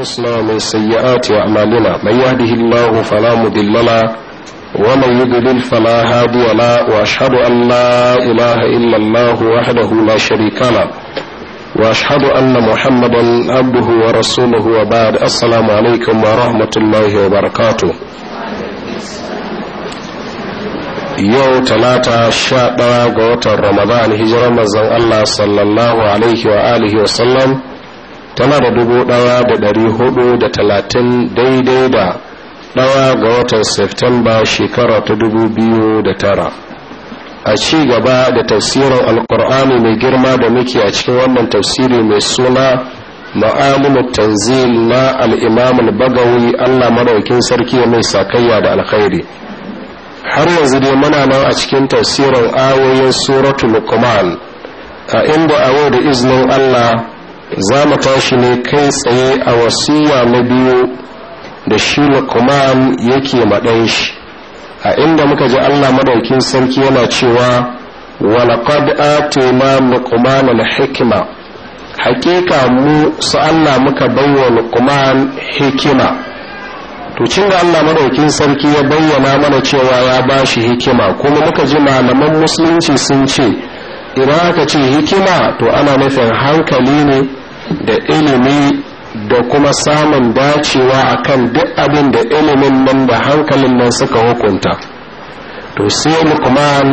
الحسنى ومن سيئات أعمالنا من يهده الله فلا مضل له ومن يضلل فلا هادي له وأشهد أن لا إله إلا الله وحده لا شريك له وأشهد أن محمدا عبده ورسوله وبعد السلام عليكم ورحمة الله وبركاته yau talata sha ɗaya ga watan ramadan hijirar manzon Allah sallallahu alaihi wa alihi wa sallam tana da dubu ɗaya da ɗari hudu da talatin daidai da ɗaya ga watan Septemba shekara ta dubu biyu da tara. A ci gaba da tafsirin alkur'ani mai girma da muke a cikin wannan tafsiri mai suna ma'amunan tanzil na al'imam Bagawai Allah maraukin sarki mai sakayya da alkhairi. Har yanzu dai muna nan a cikin tafsirin ayoyin suratul kumal a inda a da iznin Allah za mu tashi ne kai tsaye a wasiya na biyu da shi lukman yake maɗan shi a inda muka ji allah maɗaukin sarki yana cewa walaƙad atayna luqman al hikima hakika mu su allah muka baiwa lukman hikima to cin da Allah madaukin sarki ya bayyana mana cewa ya ba shi hikima kuma muka ji malaman musulunci sun ce idan aka ce hikima to ana nufin hankali ne da ilimi da kuma samun dacewa akan duk abin da ilimin nan da hankalin nan suka hukunta to sai lukman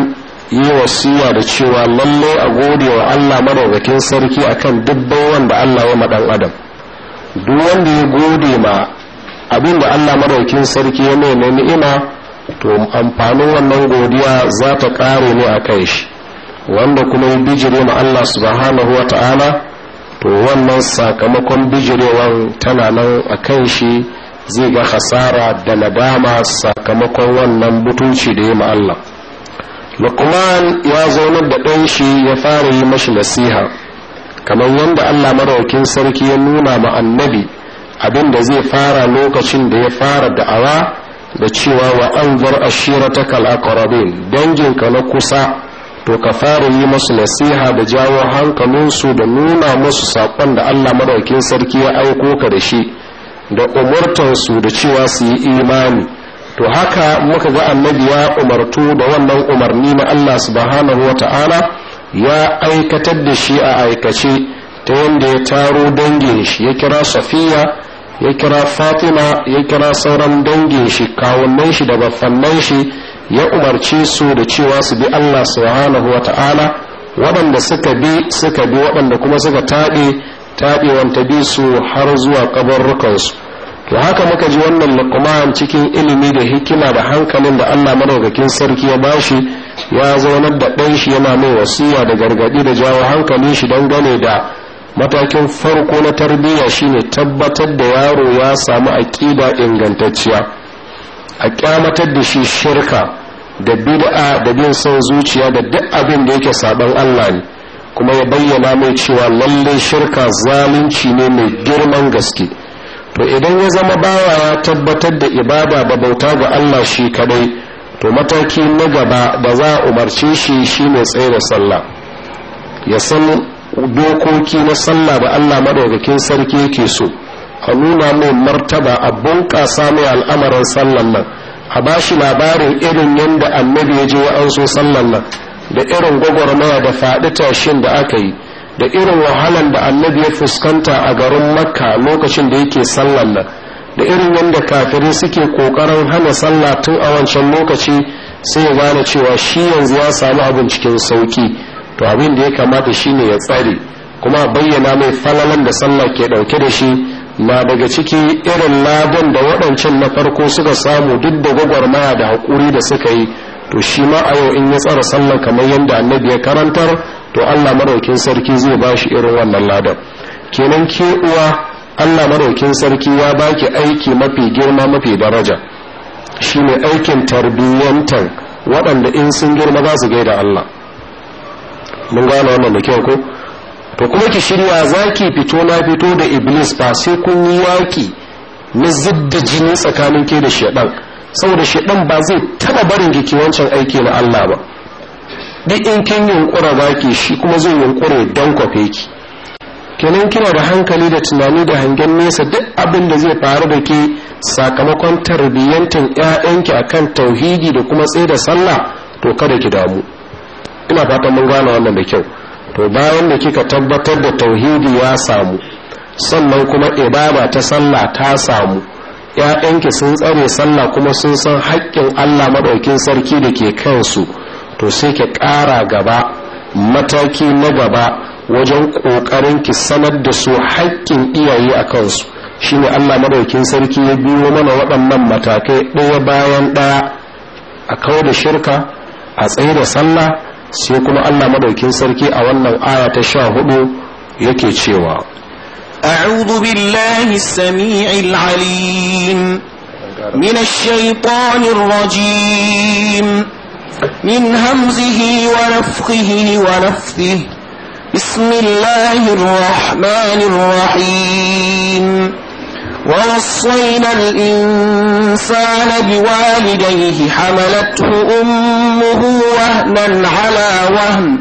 yi wasiya da cewa lalle a gode wa allah madaukakin sarki akan dubban wanda allah ya maɗan adam duk wanda ya gode ma abin da allah madaukakin sarki ya mai na ni'ima to amfanin wannan godiya za ta ƙare ne a kai shi wanda kuma ya bijire ma allah subhanahu wa ta'ala to wannan sakamakon bijirewan tana nan a kan shi zai ga hasara da nadama sakamakon wannan butunci da ya ma'alla lukman ya zaunar da ɗan shi ya fara yi mashi nasiha kamar yadda allah maraukin sarki ya nuna ma annabi abin da zai fara lokacin da ya fara da'awa da cewa wa an zar ashira ta dangin ka na kusa to ka fara yi masu nasiha da jawo hankalinsu da nuna masu saƙon da allah madaukin sarki ya aiko ka da shi da umurtansu da cewa su yi imani to haka muka ga annabi ya umartu da wannan umarni na allah subhanahu wa ta'ala ya aikatar da shi a aikace ta yadda ya taro dangin shi ya kira safiya ya kira fatima ya kira sauran dangin shi kawunan shi da baffannan shi ya umarce su da cewa su bi Allah subhanahu wa ta'ala waɗanda suka bi suka bi waɗanda kuma suka taɓe taɓewan ta bi su har zuwa kabarrukansu to haka muka ji wannan luqman cikin ilimi da hikima da hankalin da Allah madaukakin sarki ya bashi ya zaunar da ɗan shi yana mai wasiya da gargaɗi da jawo hankalin shi gane da matakin farko na tarbiyya shine tabbatar da yaro ya samu aƙida ingantacciya a kyamatar da shi shirka da bid'a da bin son zuciya da duk abin da yake saban Allah ne kuma ya bayyana mai cewa lalle shirka zalunci ne mai girman gaske to idan ya zama bawa ya tabbatar da ibada ba bauta ga Allah shi kadai to mataki na gaba da za a umarce shi shi tsaye da sallah ya san dokoki na sallah ba Allah madaukakin sarki yake so a nuna mai martaba a bunƙasa mai al'amarin sallan nan a ba shi labarin irin yadda annabi ya je ya anso sallan nan da irin gwagwarmaya da faɗi tashin da aka yi da irin wahalan da annabi ya fuskanta a garin makka lokacin da yake sallan nan da irin yadda kafiri suke kokarin hana sallah tun a wancan lokaci sai ya gane cewa shi yanzu ya samu abin cikin sauki to abin da ya kamata shine ya tsare kuma bayyana mai falalan da sallah ke ɗauke da shi na daga ciki irin ladan da waɗancan na farko suka samu duk da gwagwarmaya da haƙuri da suka yi to shi ma a yau in ya tsara sallan kamar yadda annabi ya karantar to allah maraukin sarki zai ba shi irin wannan ladan kenan ke uwa allah maraukin sarki ya baki aiki mafi girma mafi daraja shi ne aikin tarbiyyantar waɗanda in sun girma za su gaida allah mun gane wannan da kyau ko to kuma ki shirya zaki fito na fito da iblis ba sai kun yi yaki na zidda jini tsakanin ke da shaɗan saboda shaɗan ba zai taɓa barin ki wancan aiki na Allah ba duk in kin yunkura zaki shi kuma zai yunkura dan kwafe ki kenan kina da hankali da tunani da hangen nesa duk abin da zai faru da ke sakamakon tarbiyyantar 'ya'yanki akan tauhidi da kuma tsaye da sallah to kada ki damu ina fatan mun gane wannan da kyau to bayan da kika tabbatar da tauhidi ya samu sannan kuma ibada ta sallah ta samu ‘ya'yanki sun tsare sallah kuma sun san haƙƙin allah maɗaukin sarki da ke kansu to sai ki ƙara gaba mataki na gaba wajen ƙoƙarin ki sanar da su haƙƙin iyaye a kansu shine allah maɗaukin sarki ya biyo mana waɗannan matakai ɗaya bayan ɗaya a kawo da shirka a tsaye da sallah sai kuma Allah madaukin sarki a wannan aya ta sha hudu yake cewa أعوذ بالله السميع العليم من الشيطان الرجيم من همزه ونفخه ونفثه بسم الله الرحمن الرحيم ووصينا الإنسان بوالديه حملته أمه وهنا على وهن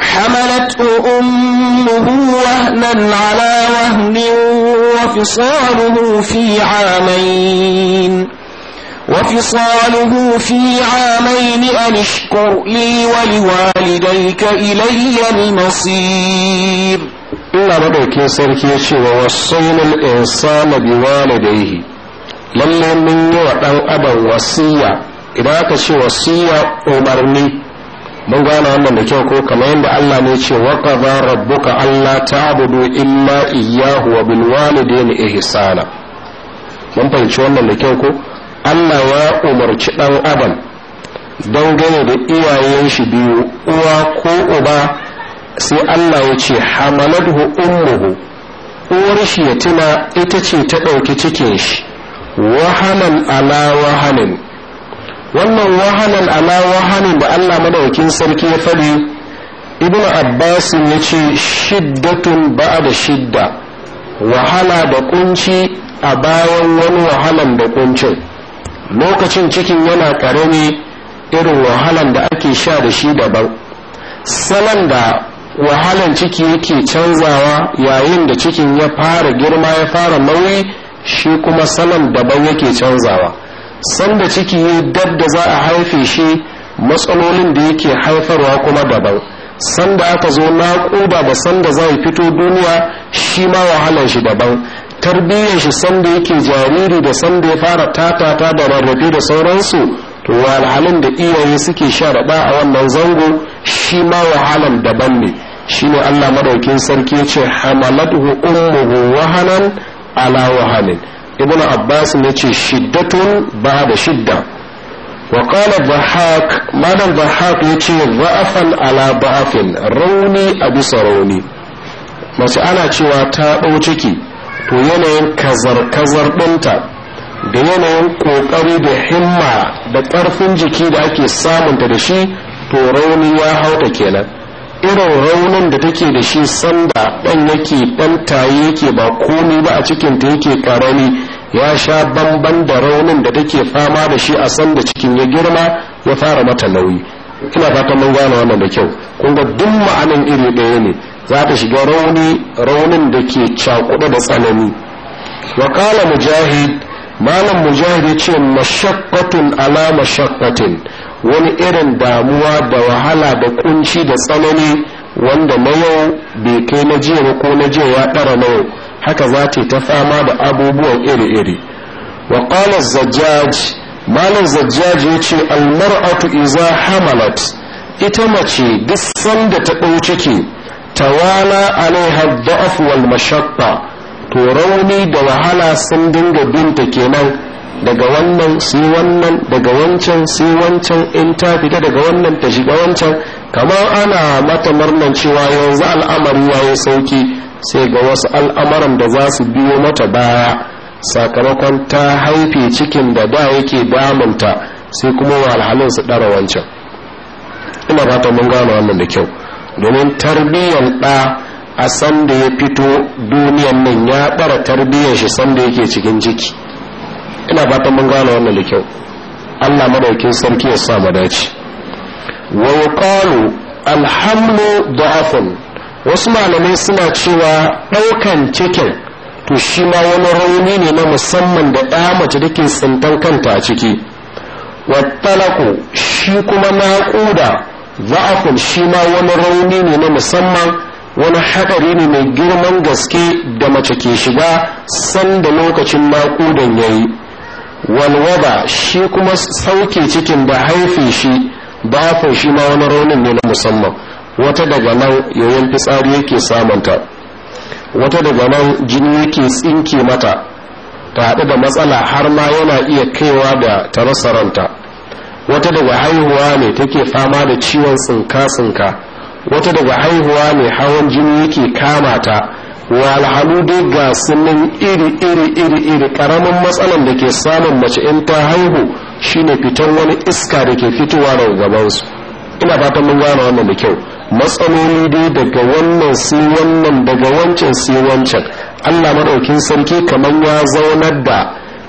حملته أمه وهنا على وهن وفصاله في عامين وفصاله في عامين أن اشكر لي ولوالديك إلي المصير ina madaukin sarki ya ce wa wasainul insana bi yi lalle mun yi wa dan adam wasiya idan aka ce wasiya umarni mun gane wannan da kyau ko kamar yadda Allah ne ce wa qadara rabbuka allah ta'budu illa iyyahu wa bil walidayni ihsana mun fahimci wannan da kyau ko Allah ya umarci dan adam dangane da iyayen shi biyu uwa ko uba sai Allah ya ce hamaladhu ummuhu uwar shi ya tuna ita ce ta ɗauki cikin shi wahanan ala wahanin wannan wahalan ala wahanin da Allah madaukin sarki ya faɗi ibnu abbas ya ce shiddatun ba'a da shidda wahala da kunci a bayan wani wahalan da kuncin lokacin cikin yana ƙarami irin wahalan da ake sha da shi daban salon da wahalan ciki yake canzawa yayin da cikin ya fara girma ya fara nauyi shi kuma salon daban yake canzawa sanda ciki ya dadda da za a haife shi matsalolin da yake haifarwa kuma daban sanda aka zo na naƙuda ba sanda za a fito duniya shi ma wahalan shi daban tarbiyyar shi sanda yake jariri da sanda ya fara tatata da rarrafe da sauransu to wahalhalun da iyaye suke sha a wannan zango shi ma wahalan daban ne shine Allah madaukin sarki ya ce hamalatuhu ummuhu wahanan ala wahanin ibnu abbas ne ce shiddatun ba da shidda wa qala dhahak malam dhahak ya ce dha'afan ala dha'afin rauni a bisa rauni mace ana cewa ta ɗau ciki to yanayin kazar-kazar ɗinta da yanayin ƙoƙari da himma da ƙarfin jiki da ake samunta da shi to rauni ya hauta kenan irin raunin da take da shi sanda ɗan yake ɗan taye yake ba komi ba a cikin ta yake karami ya sha bamban da raunin da take fama da shi a sanda cikin ya girma ya fara mata nauyi ina fatan mun gane wannan da kyau kun ga duk ma'anin iri ɗaya ne za ta shiga rauni raunin da ke cakuɗa da tsanani wakala mujahid malam mujahid ya ce mashaqqatun ala mashaqqatin wani irin damuwa da wahala da kunci da tsanani wanda na yau bai kai na jiya ba ko na jiya ya ɗara na yau haka za ta ta fama da abubuwan iri-iri wa ƙala zajjaj malam zajjaj ya ce almar'atu iza hamalat ita mace duk sanda ta ɗau ciki tawala alaiha da'af wal mashaqqa to rauni da wahala sun dinga binta kenan daga wannan su wannan daga wancan su wancan in ta fita daga wannan ta shiga wancan kamar ana mata murnan cewa yanzu al'amari yayi sauki sai ga wasu al'amaran da za su biyo mata baya sakamakon ta haife cikin da da yake damunta sai kuma wahalhalun su dara wancan ina fata mun gano wannan da kyau domin tarbiyyar ɗa a sanda ya fito duniyan nan ya ɓara tarbiyyar shi sanda da yake cikin jiki. ina fatan mun gane wannan da kyau Allah madaukin sarki ya sa mu dace wa yuqalu alhamlu da'afun wasu malamai suna cewa daukan cikin to shi ma wani rauni ne na musamman da ɗa mace dake tsintan kanta a ciki Wa talaku shi kuma naƙuda za'afun shi ma wani rauni ne na musamman wani haɗari ne mai girman gaske da mace ke shiga sanda lokacin naƙudan ya yi walwaba shi kuma sauke cikin da haife shi bafin shi ma wani raunin ne na musamman wata daga nan yoyon fitsari yake samunta wata daga nan jini yake tsinke mata ta haɗu da matsala har ma yana iya kaiwa da ta rasa ranta wata daga haihuwa ne take fama da ciwon tsinka-tsinka wata daga haihuwa ne hawan jini yake kama ta walhalu dai ga sunan iri iri iri iri karamin matsalan da ke samun mace in ta haihu shine fitan wani iska da ke fitowa daga gabansu ina fatan mun gane wannan da kyau matsaloli dai daga wannan su wannan daga wancan sai wancan allah maɗaukin sarki kamar ya zaunar da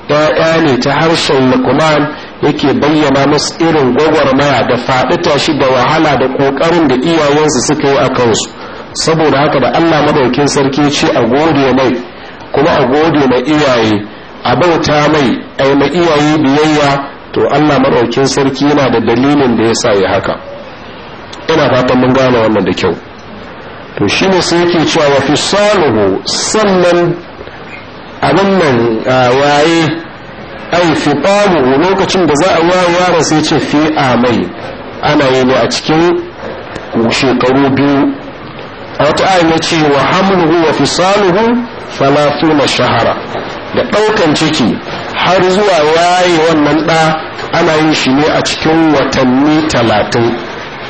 ɗaya ne ta harshen lukman yake bayyana musu irin gwagwarmaya da faɗi tashi da wahala da ƙoƙarin da iyayensu suka yi a kansu saboda haka da Allah madaukin sarki ce a gode mai kuma a gode mai iyaye a bauta mai ai mai iyaye biyayya to Allah madaukin sarki yana da dalilin da yasa ya haka ina fatan mun gane wannan da kyau to shi ne sai yake cewa wa fi salihu sannan abin nan waye ai fi lokacin da za a waye yaro sai ce fi amai ana yi ne a cikin shekaru biyu a wata ayin ya ce wa hamluhu wa fisaluhu na shahara da ɗaukan ciki har zuwa yayi wannan ɗa ana yin shi ne a cikin watanni talatin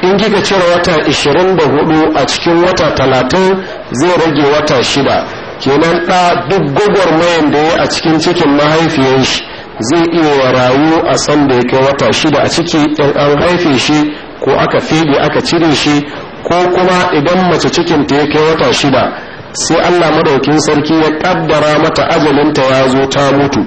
in kika cire wata 24 a cikin wata talatin zai rage wata shida kenan ɗa duk gwagwarmayan da ya a cikin cikin mahaifiyar shi zai iya rayu a san da ya kai wata shida a ciki in an haife shi ko aka fede aka cire shi ko kuma idan mace cikinta ya kai wata shida sai allah madaukin sarki ya kaddara mata ajalinta ya zo ta mutu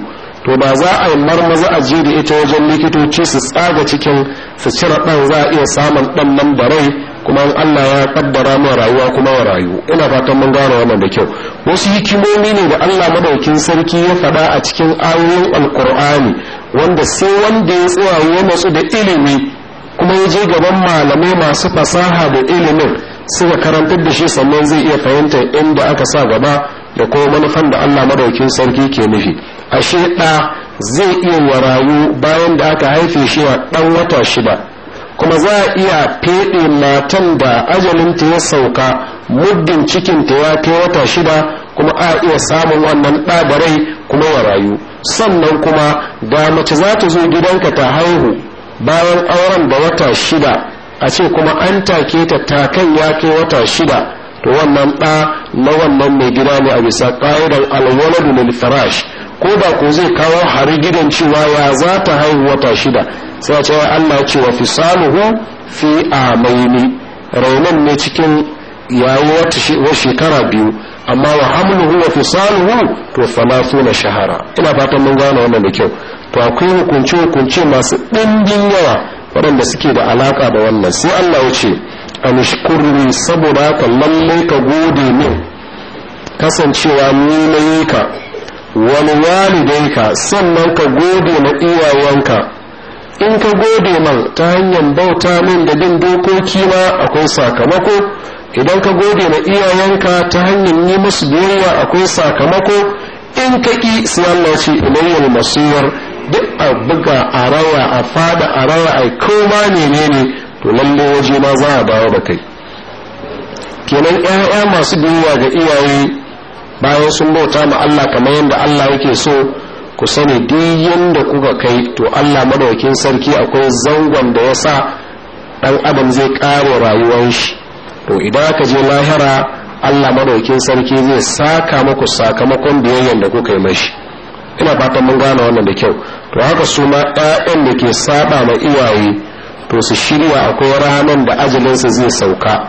to ba za a yi marmaza a je da ita wajen likitoci su tsaga cikin su cire ɗan za a iya samun ɗan nan da rai kuma in allah ya kaddara mai rayuwa kuma ya rayu ina fatan mun gane wannan da kyau wasu hikimomi ne da allah madaukin sarki ya faɗa a cikin ayoyin alkur'ani wanda sai wanda ya tsaya ya matsu da ilimi kuma ya je gaban malamai masu fasaha da ilimin suka karantar da shi sannan zai iya fahimta inda aka sa gaba da kuma manufan da allah madaukin sarki ke nufi ashe ɗa zai iya warayu bayan da aka haife shi a ɗan wata shida kuma za a iya feɗe matan da ajalinta ya sauka muddin cikin ta ya kai wata shida kuma a iya samun wannan ɗabarai kuma ya rayu sannan kuma da mace za ta zo gidanka ta haihu bayan auren da wata shida a ce kuma an take ta takan ya kai wata shida to wannan ɗa na wannan mai gida ne a bisa ƙa'idar alwaladu lil farash ko da ko zai kawo hari gidan cewa ya za ta haihu wata shida sai ce Allah ce wa fisaluhu fi amaini raunin ne cikin yayi wata shekara biyu amma wa hamluhu wa fisaluhu to na shahara ina fatan mun gane wannan da kyau to akwai hukunce-hukunce masu ɗimbin yawa waɗanda suke da alaƙa da wannan sai Allah ya ce a saboda ka lallai ka gode min kasancewa ni na yi ka wani ka sannan ka gode na iyayenka in ka gode man ta hanyar bauta min da bin dokoki na akwai sakamako idan ka gode na iyayenka ta hanyar yi musu biyayya akwai sakamako in ka ƙi sai Allah ce ilayyar masuwar duk a buga a rawa a fada a rawa a koma ne ne ne to lalle waje ma za a dawo da kai kenan ƴaƴa masu biyayya ga iyaye bayan sun bauta ma Allah kamar yadda Allah yake so ku sani duk yanda kuka kai to Allah madaukin sarki akwai zangon da ya sa ɗan adam zai kare rayuwar shi to idan aka je lahira Allah madaukin sarki zai saka muku sakamakon biyayyan da kuka yi mashi ina fatan mun gane wannan da kyau to haka su ma ƴaƴan da ke saba ma iyaye to su shirya akwai ranar da ajalinsu zai sauka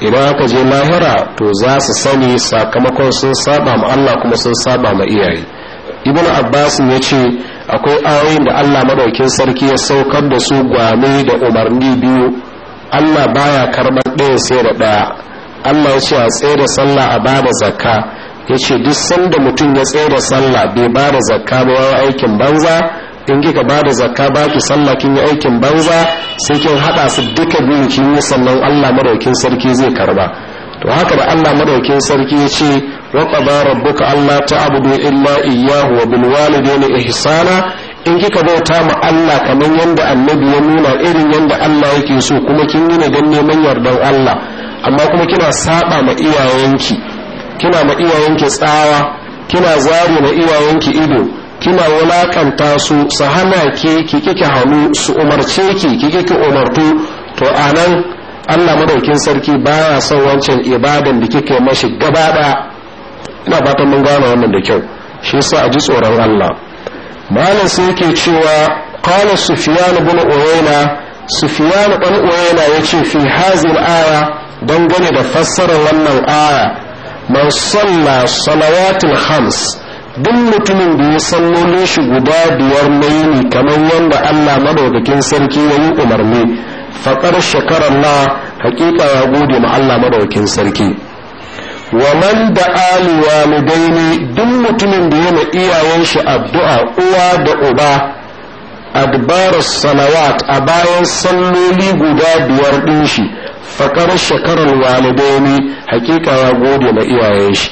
idan aka je lahira to za su sani sakamakon sun saba ma Allah kuma sun saba ma iyaye ibnu abbas ya ce akwai ayoyin da Allah madaukin sarki ya saukar da su gwame da umarni biyu Allah baya karɓar ɗaya sai da ɗaya Allah ya ce a tsaye da sallah a bada zakka ya ce duk sanda mutum ya tsaye da sallah bai ba da zakka ba wa aikin banza in kika ba da zakka ba ki sallah kin yi aikin banza sai kin haɗa su duka biyu kin yi sannan allah madaukin sarki zai karba to haka da allah madaukin sarki ya ce wa qada rabbuka allah ta'budu illa iyyahu wa bil walidaini ihsana in kika bauta ma Allah kamar yadda annabi ya nuna irin yadda Allah yake so kuma kin yi ne don neman yardan Allah amma kuma kina saba ma iyayenki kina ma iyayenki tsawa kina zari na iyayenki ido kina wulakanta su su hana ke ki kike hannu su umarce ki ki kike umartu to anan Allah madaukin sarki baya son wancan ibadan da kike mashi gaba ina fatan mun gane wannan da kyau shi yasa a ji tsoron Allah malam sai yake cewa qala sufyan ibn uwayna sufyan ibn uwayna yace fi hazil aya dangane da fassarar wannan aya man salla salawatul hams duk mutumin da ya sallolin shi guda biyar na yini kamar wanda Allah madaukakin sarki ya yi umarni faƙar shekarar na hakika ya gode ma Allah madaukakin sarki wa man da aliwa lidaini duk mutumin da yana iyayen shi addu'a uwa da uba adbar salawat a bayan salloli guda biyar din shi faƙar shekarar walidaini hakika ya gode ma iyayen shi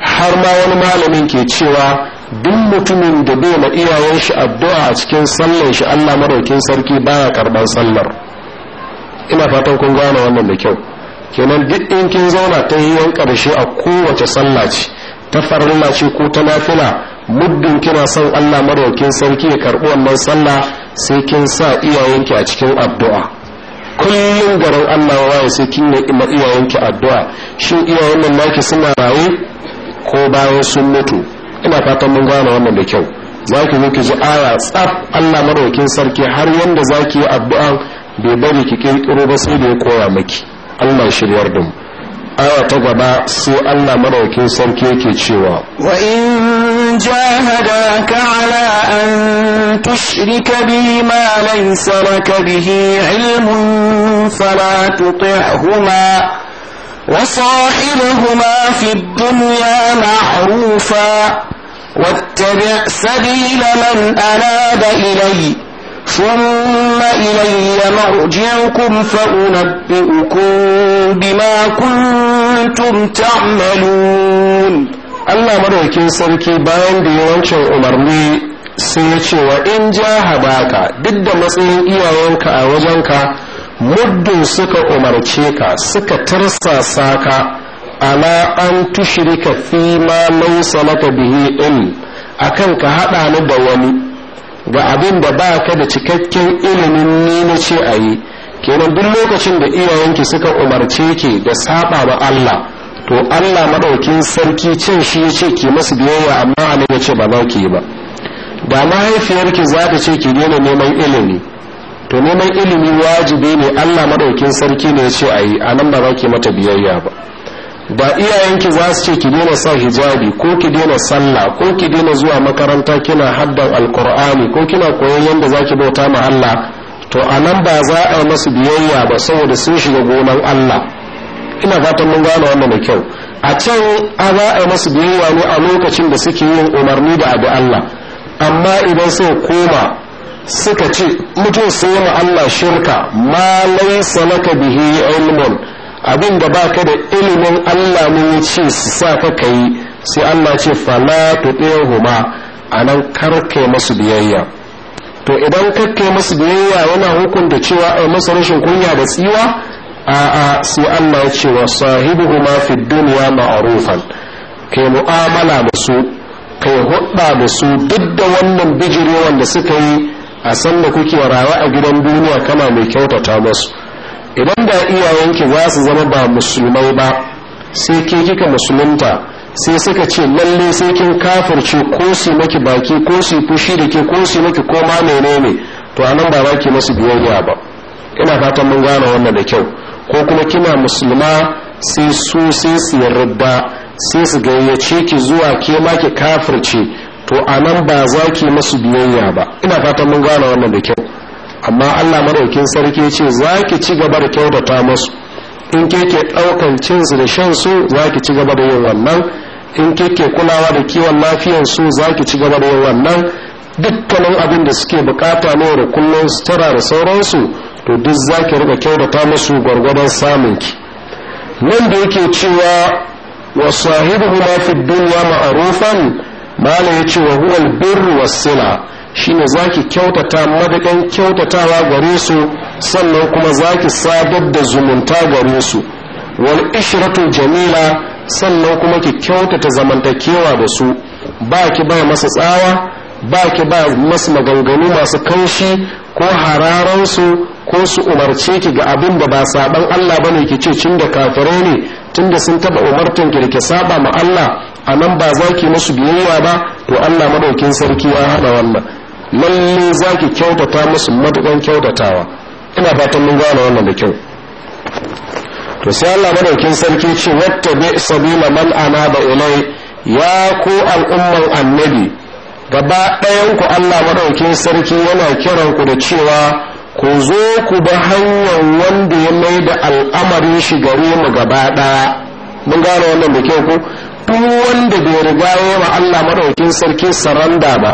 har ma wani malamin ke cewa duk mutumin da bai ma iyayen shi addu'a a cikin sallar shi Allah madaukin sarki baya karban sallar ina fatan kun gane wannan da kyau kenan duk in kin zauna ta yan ƙarshe a kowace sallah ce ta farilla ce ko ta nafila muddin kina son Allah madaukin sarki ya karɓi wannan sallah sai kin sa iyayenki a cikin addu'a kullum garin Allah waye sai kin ne ma iyayenki addu'a shin iyayen nan naki suna raye ko bayan sun mutu ina fatan mun gane wannan da kyau zaki zo ki ji aya tsaf Allah madaukin sarki har yanda zaki yi addu'a bai bari ki kirkiro ba sai da ya koya miki Allah shiryar da mu aya ta gaba sai Allah madaukin sarki yake cewa wa in جاهداك على أن تشرك بي ما ليس لك به علم فلا تطعهما وصاحبهما في الدنيا معروفا واتبع سبيل من أناب إلي ثم إلي مرجعكم فأنبئكم بما كنتم تعملون Allah madaukin sarki bayan da yawancin umarni sai ya ce wa in ja ka duk da matsayin iyayenka a wajenka muddin suka umarce ka suka tarsasa ka ala an tushrika fi ma laysa laka bihi in akan ka hada ni da wani ga abin da baka da cikakken ilimin ni na ce ayi kenan duk lokacin da iyayenki suka umarce ki da saba wa Allah to allah maɗaukin sarki cin shi ya ce ki masu biyayya amma ali ya ce ba za ki yi ba da mahaifiyarki za ta ce ki daina neman ilimi to neman ilimi wajibi ne allah maɗaukin sarki ne ya ce a nan ba za ki mata biyayya ba da iyayenki za su ce ki daina sa hijabi ko ki daina sallah ko ki daina zuwa makaranta kina haddan alkur'ani ko kina koyon yadda za ki bauta ma allah to a nan ba za a yi masu biyayya ba saboda sun shiga gonan allah ina fatan mun gane wannan da kyau a can a za a yi masu biyayya ne a lokacin da suke yin umarni da abu Allah amma idan suka koma suka ce mutum su yi Allah shirka ma laisa laka bihi ilmun abin da baka da ilimin Allah ne ce su sa ka kai sai Allah ce fala tuɗehuma a nan karkai masu biyayya to idan karke masu biyayya yana hukunta cewa ai masa rashin kunya da tsiwa a'a sai Allah ya ce wa sahibuhuma ma dunya ma'rufan kai mu'amala da su kai hudda da su duk da wannan bijirewan da suka yi a san da kuke rawa a gidan duniya kama mai kyautata musu idan da iyayenki za su zama ba musulmai ba sai ke kika musulunta sai suka ce lalle sai kin kafirce ko su maki baki ko su fushi da ke ko su maki koma menene to anan ba ba ki masu biyayya ba ina fatan mun gane wannan da kyau ko kuma kina musulma sai su sai su yarda sai su gayyace ki zuwa ke ma ki kafirce to anan ba za ki masu biyayya ba ina fatan mun gane wannan da kyau amma Allah madaukin sarki ce za ki ci gaba da kyautata masu in ke ke daukan cinsu da shan su za ki ci gaba da yin wannan in ke ke kulawa da kiwon lafiyar su za ki ci gaba da yin wannan dukkanin abin da suke bukata ne da kullum sutura da sauransu to duk za ki rika kyautata musu samun ki. nan da yake cewa wa sahibu ma fi dunya ma'rufan mala ce wa huwa albirru was-sila shine zaki kyautata madadin kyautatawa gare su sannan kuma zaki sadar da zumunta gare su wal ishratu jamila sannan kuma ki kyautata zamantakewa da su ba ki ba masa tsawa ba ki ba masu maganganu masu kanshi ko hararansu ko su umarce ki ga abin da ba saban Allah bane ki ce cin da kafirai ne tunda sun taba umartan ki da ki saba ma Allah a nan ba za ki musu biyayya ba to Allah madaukin sarki ya hada wannan lalle za ki kyautata musu matukan kyautatawa ina fatan mun gane wannan da kyau to sai Allah madaukin sarki ce wata bi sabila man ba ilai ya ku al'umman annabi gaba ɗayan ku Allah madaukin sarki yana kiran ku da cewa ku zo ku bi hanyar wanda ya mai da al'amarin shi gare mu gaba ɗaya mun gane wannan da kyau ku? duk wanda bai riga ya ma Allah madaukin sarki saranda ba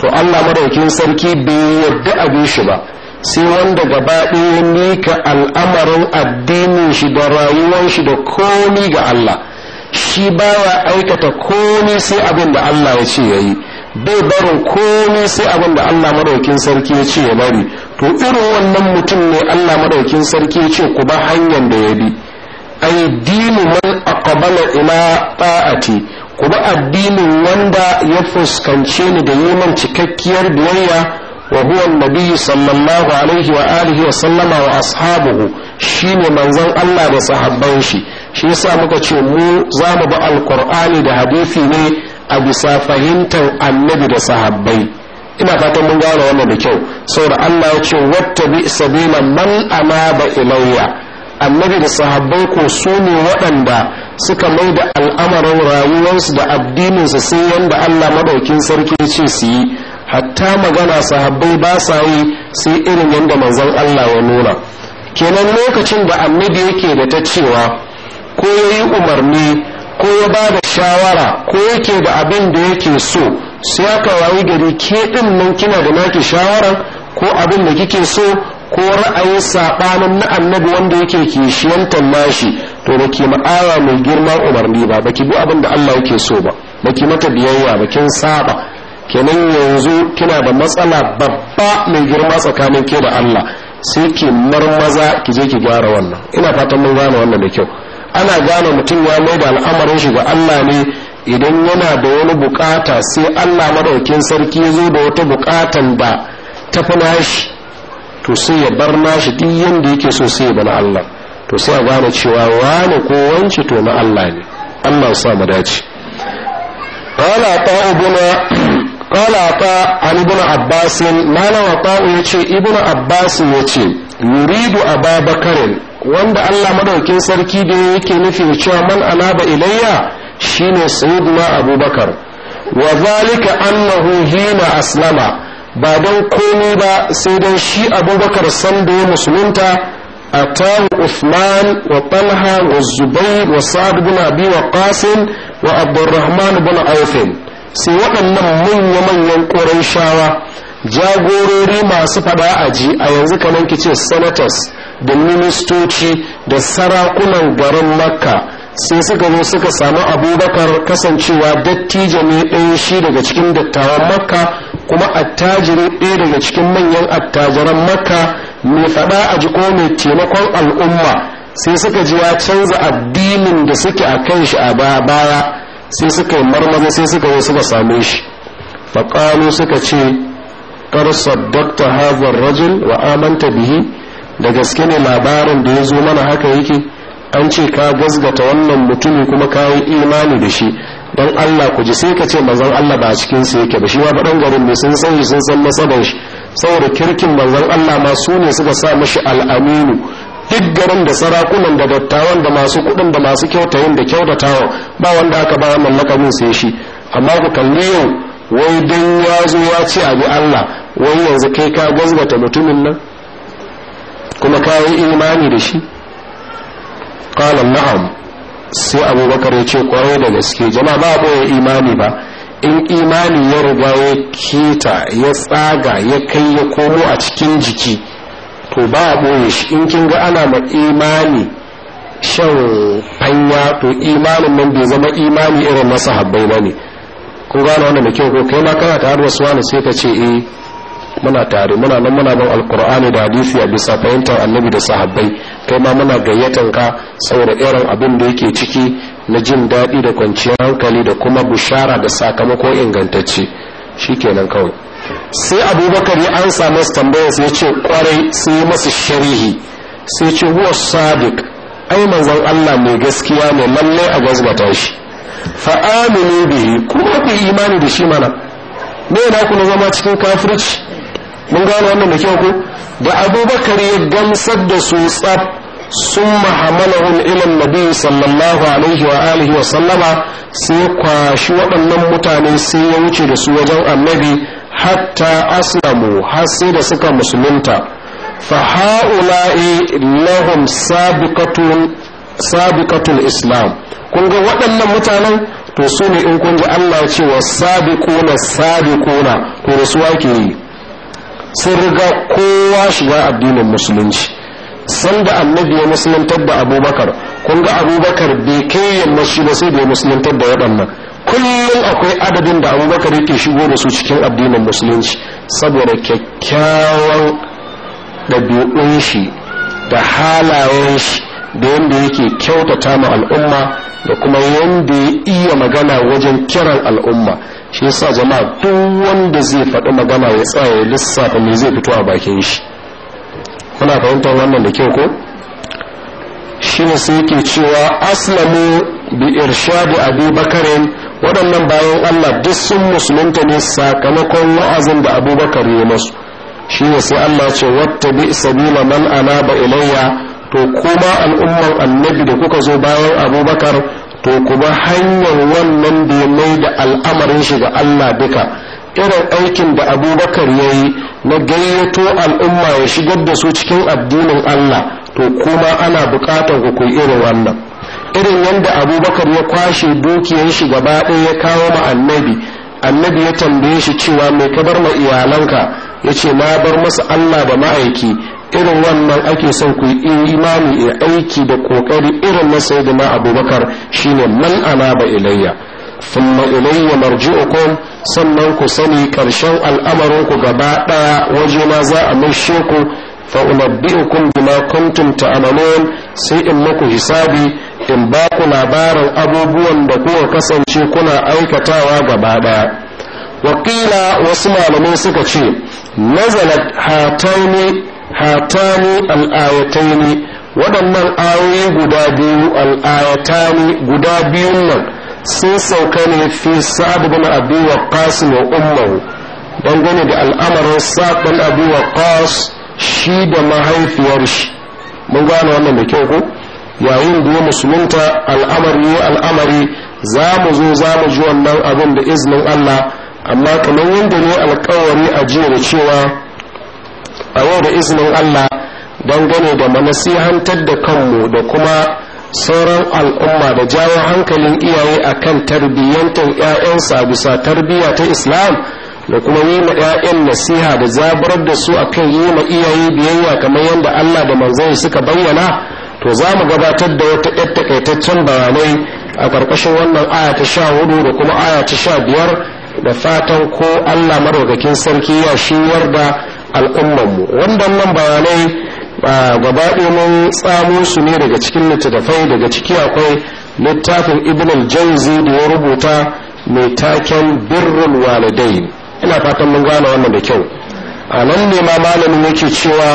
to Allah madaukin sarki bai yarda abin shi ba sai wanda gaba ɗaya ka al'amarin addinin shi da rayuwar shi da komi ga Allah shi ba aikata komi sai abin da Allah ya ce ya yi bai barin komai sai abin da Allah madaukin sarki ya ce ya bari to irin wannan mutum ne Allah madaukin sarki ya ce ku ba hanyar da ya bi ai dinu man aqbala ila ta'ati ku ba addinin wanda ya fuskance ni da yiman cikakkiyar biyayya wa huwa annabi sallallahu alaihi wa alihi wa sallama wa ashabuhu shine manzon Allah da sahabban shi shi yasa muka ce mu zamu ba alqur'ani da hadisi ne a bisa fahimtar annabi da sahabbai ina fatan mun gane wannan da kyau saboda Allah ya ce watta bi sabila man anaba ilayya annabi da sahabbai ko su ne waɗanda suka mai da al'amarin rayuwarsu da addininsu sai yanda Allah madaukin sarki ya ce su yi hatta magana sahabbai ba sa yi sai irin yanda manzon Allah ya nuna kenan lokacin da annabi yake da ta cewa ko yayi umarni ko ya ba da shawara ko yake da abin da yake so sai aka wayi gari ke din nan kina da naki shawara ko abin da kike so ko ra'ayi saɓanin na annabi wanda yake kishiyantar nashi to da ke ma'awa mai girman umarni ba baki bi abin da Allah yake so ba baki mata biyayya ba kin saba kenan yanzu kina da matsala babba mai girma tsakanin ke da Allah sai ki maza ki je ki gyara wannan ina fatan mun gane wannan da kyau ana gane mutum ya mai da al'amarin shi ga Allah ne idan yana da wani bukata sai Allah madaukin sarki zo da wata bukatan da ta fi nashi to sai ya bar nashi duk yanda yake so sai ya bana Allah to sai a gane cewa wani ko wance to na Allah ne Allah sa mu dace qala ta بن qala ta عن ابن abbasin ما له عطاء يتي ابن عباس يتي wanda Allah madaukin sarki da yake nufi da cewa man alaba ilayya shine sayyiduna abubakar wa zalika annahu hina aslama ba don komi ba sai don shi abubakar sanda ya musulunta a tahu uthman wa talha wa zubai wa sa'ad bin abi wa qasim wa abdurrahman bin aufin sai waɗannan manya-manyan ƙoran shawa jagorori masu fada aji a yanzu kamar kice senators da ministoci da sarakunan garin makka sai suka zo suka samu abubakar kasancewa dattijo ne ɗaya shi daga cikin dattawan makka kuma attajiri ɗaya daga cikin manyan attajiran makka mai faɗa a jiko mai taimakon al'umma sai suka ji ya canza addinin da suke a kan shi a baya sai suka yi marmaza sai suka zo suka same shi faƙalo suka ce kar saddakta hazar rajul wa amanta bihi da gaske ne labarin da ya zo mana haka yake an ce ka gazgata wannan mutumi kuma ka yi imani da shi don allah ku ji sai ka ce manzon allah ba a cikin su yake ba shi ma faɗan garin mai sun san sun san masaban shi saboda kirkin manzon allah ma su ne suka sa mashi al'aminu duk garin da sarakunan da dattawan da masu kuɗin da masu kyautayin da kyautatawa ba wanda aka ba wannan lakamin sai shi amma ku kalli yau wai don ya zo ya ce abi allah wai yanzu kai ka gazgata mutumin nan kuma ka yi imani da shi qala na'am sai abubakar ya ce kwarai da gaske jama'a ba ya imani ba in imani ya riga ya keta ya tsaga ya kai ya komo a cikin jiki to ba a shi in kin ga ana ma imani shan hanya to imanin nan bai zama imani irin masa habbai ba ne kun gane wannan da kyau ko kai ma kana ta suwa sai ka ce eh muna tare muna nan muna ban alkur'ani da hadisi a bisa fahimtar annabi da sahabbai kai ma muna gayyatan ka saboda irin abin da yake ciki na jin daɗi da kwanciyar hankali da kuma bushara da sakamako ingantacce shikenan kawai sai abubakar ya an sa masa tambaya sai ce kwarai sai yi masa sharihi sai ce huwa sadiq ai manzon Allah mai gaskiya ne lalle a gazbata shi fa aminu bihi kuma ku imani da shi mana me na ku zama cikin kafirci mun gano wannan da kyau ko da abubakar ya gamsar da su tsaf sun mahamalahun ilan nabi sallallahu alaihi wa alihi wa sallama sai kwashi waɗannan mutane sai ya wuce da su wajen annabi hatta aslamu har sai da suka musulunta fa ha'ula'i lahum sabiqatun sabiqatul islam kun ga waɗannan mutanen to su ne in kun ji Allah cewa sabiquna sabiquna to da su ake yi sun riga kowa shiga addinin musulunci sanda annabi ya musuluntar da abubakar kun ga abubakar bai kai yamma shi ba sai da ya musuluntar da waɗannan kullum akwai adadin da abubakar yake shigo da su cikin addinin musulunci saboda kyakkyawan ɗabi'un shi da halayen shi da yadda yake kyautata ma al'umma da kuma yadda ya iya magana wajen kiran al'umma shi yasa jama'a duk wanda zai faɗi magana ya tsaya ya lissafa mai zai fito a bakin shi kuna fahimtar wannan da kyau ko shi ne sai yake cewa aslamu bi irshadi abu bakarin waɗannan bayan allah duk sun musulunta ne sakamakon wa'azin da abubakar ya masu shi ne sai allah ce wata bi sabila man ba ilayya to kuma al'ummar annabi da kuka zo bayan abubakar to kuma hanyar wannan da ya mai da al'amarin shi ga Allah duka irin aikin da abubakar ya yi na gayyato al'umma ya shigar da su cikin addinin Allah to kuma ana bukatar ku irin wannan irin yadda abubakar ya kwashe dukiyar shi gaba ɗaya ya kawo ma annabi annabi ya tambaye shi cewa mai kabar ma iyalanka ya ce na bar masa Allah da ma'aiki irin wannan ake son ku yi imani ya aiki da kokari irin na sayyidina abubakar shine man ba ilayya thumma ilayya marji'ukum sannan ku sani karshen al'amarin ku gaba daya waje ma za a mishe ku fa unabbi'ukum bima kuntum ta'malun sai in muku hisabi in ba ku labarin abubuwan da kuka kasance kuna aikatawa gaba daya wakila wasu malamai suka ce nazalat hatani hatani al'ayatani waɗannan ayoyi guda biyu ne guda biyun nan sun sauka ne fi sa'ad bin abi waqqas wa ummuhu dangane da al'amarin sa'ad bin abi waqqas shi da mahaifiyar shi mun gane wannan da kyau ko yayin da ya musulunta al'amari al'amari za mu zo za mu ji wannan abin da izinin Allah amma kamar yadda ne alkawari a jiya da cewa a yau da izinin Allah dangane da manasihantar da kanmu da kuma sauran al'umma da jawo hankalin iyaye a kan tarbiyyantar 'ya'yansa bisa tarbiyya ta islam da kuma yi ma 'ya'yan nasiha da zabar da su a kan yi ma iyaye biyayya kamar yadda Allah da manzai suka bayyana to za mu gabatar da wata ɗan takaitaccen bayanai a ƙarƙashin wannan aya ta sha hudu da kuma aya ta sha biyar da fatan ko Allah maraukakin sarki ya shiryar da Al'ummar al'ummanmu nan bayanai gaba mun tsamo su ne daga cikin littattafai daga ciki akwai littafin ibn al-jauzi da ya rubuta mai taken birrul walidai ina fatan mun gane wannan da kyau a nan ne ma malamin yake cewa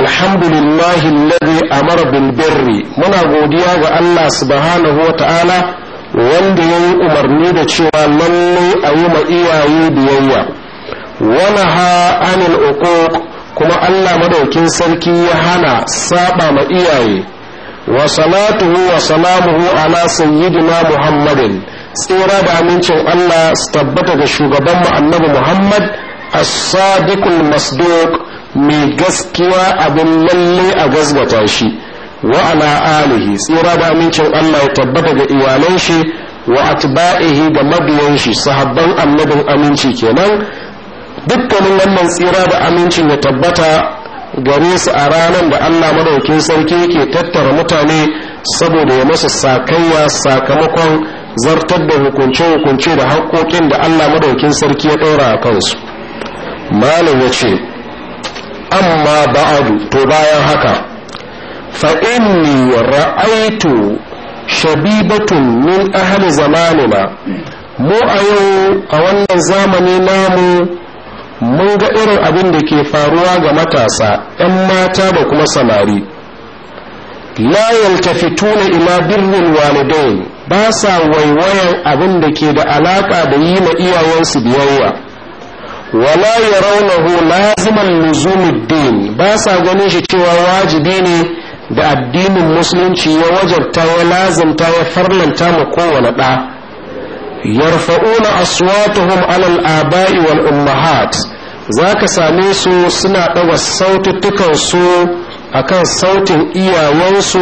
alhamdulillahi alladhi amara bil birri muna godiya ga Allah subhanahu wa ta'ala wanda ya yi umarni da cewa lallai a yi ma iyaye biyayya ha anil uquq kuma Allah madaukin sarki ya hana saba ma iyaye wa salatuhu wa salamuhu ala sayyidina muhammadin tsira da amincin Allah su tabbata ga shugaban mu annabi muhammad as-sadiqul masduq mai gaskiya abin lalle a gazgata shi wa ala alihi tsira da amincin Allah ya tabbata ga iyalan shi wa atba'ihi da mabiyan shi sahabban annabin aminci kenan dukkanin wannan tsira da amincin ya tabbata gare su a ranar da allah madaukin sarki ke tattara mutane saboda ya masa sakayya sakamakon zartar da hukunce-hukunce da haƙoƙin da allah madaukin sarki ya ɗaura a kansu malam ya ce amma ba'adu to bayan haka fa'inni ra'aitu shabibatun min ahli zamanina mu a yau a wannan zamani namu mun ga irin abin da ke faruwa ga matasa 'yan mata da kuma samari la yaltafituna ila birrin walidain ba sa waiwayan abin da ke da alaka da yi ma iyayensu biyayya wala yarawnahu laziman din ba sa ganin shi cewa wajibi ne da addinin musulunci ya wajabta ya lazimta ya farlanta ma kowane ɗa yarfa'una aswatuhum alal aba'i wal ummahat zaka same su suna ɗaga sautukan a kan sautin iyayensu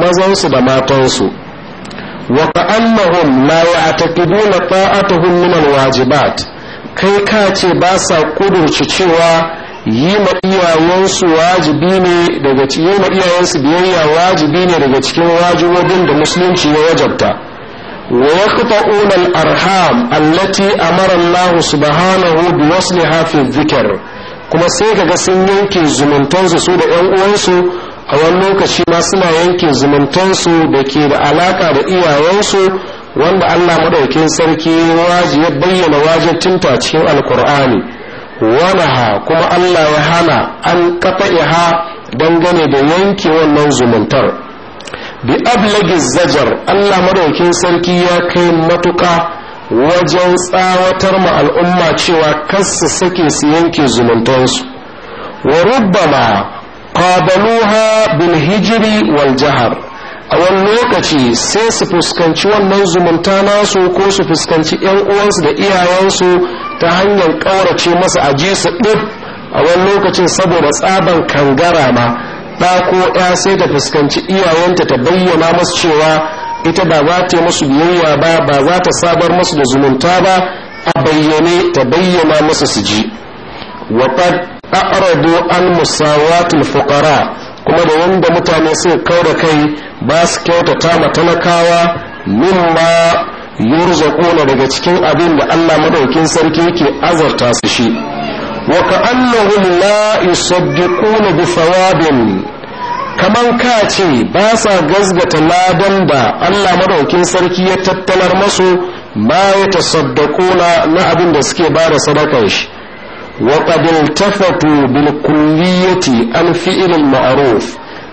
mazansu da matansu wa ya la ya'taqiduna ta'atuhum min alwajibat kai ka ce ba sa kudurci cewa yi ma iyayensu biyayya wajibi ne daga cikin wajibobin da musulunci ya wajabta ويقطعون الأرحام التي أمر الله سبحانه بوصلها في الذكر kuma sai ka ga sun yanke zumuntansu su da ‘yan uwansu a wani lokaci ma suna yanke zumuntansu da ke da alaka da iyayensu wanda Allah madaukin sarki ya bayyana wajibcinta cikin alkur'ani wanaha kuma Allah ya hana an kafa iha dangane da yanke wannan zumuntar bi ablagi zajar allah madaukin sarki ya kai matuka wajen tsawatar ma al'umma cewa kansu sake su yanke zumuntansu wa rubbama qabaluha bil hijri wal jahar a wani lokaci sai su fuskanci wannan zumunta nasu ko su fuskanci yan uwansu da iyayensu ta hanyar ƙaurace masa aje su ɗin a wani lokacin saboda tsaban kangara ma ɗa ko ya sai ta fuskanci iyayenta ta bayyana masu cewa ita ba za ta masu biyayya ba ba za ta sabar masu da zumunta ba a bayyane ta bayyana masu su ji waƙar a'radu an musawatul fuqara kuma da wanda mutane sun da kai ba su kyautata ma talakawa mimma yurzaquna daga cikin abin da Allah madaukin sarki yake azarta su shi وكأنهم لا يصدقون بثواب kaman ka ce ba sa gazgata ladan da Allah madaukin sarki ya tattalar masu ba ya tasaddaquna na abin da suke ba da sadakar shi wa qad iltafatu bil kulliyati an fi'ilin ma'aruf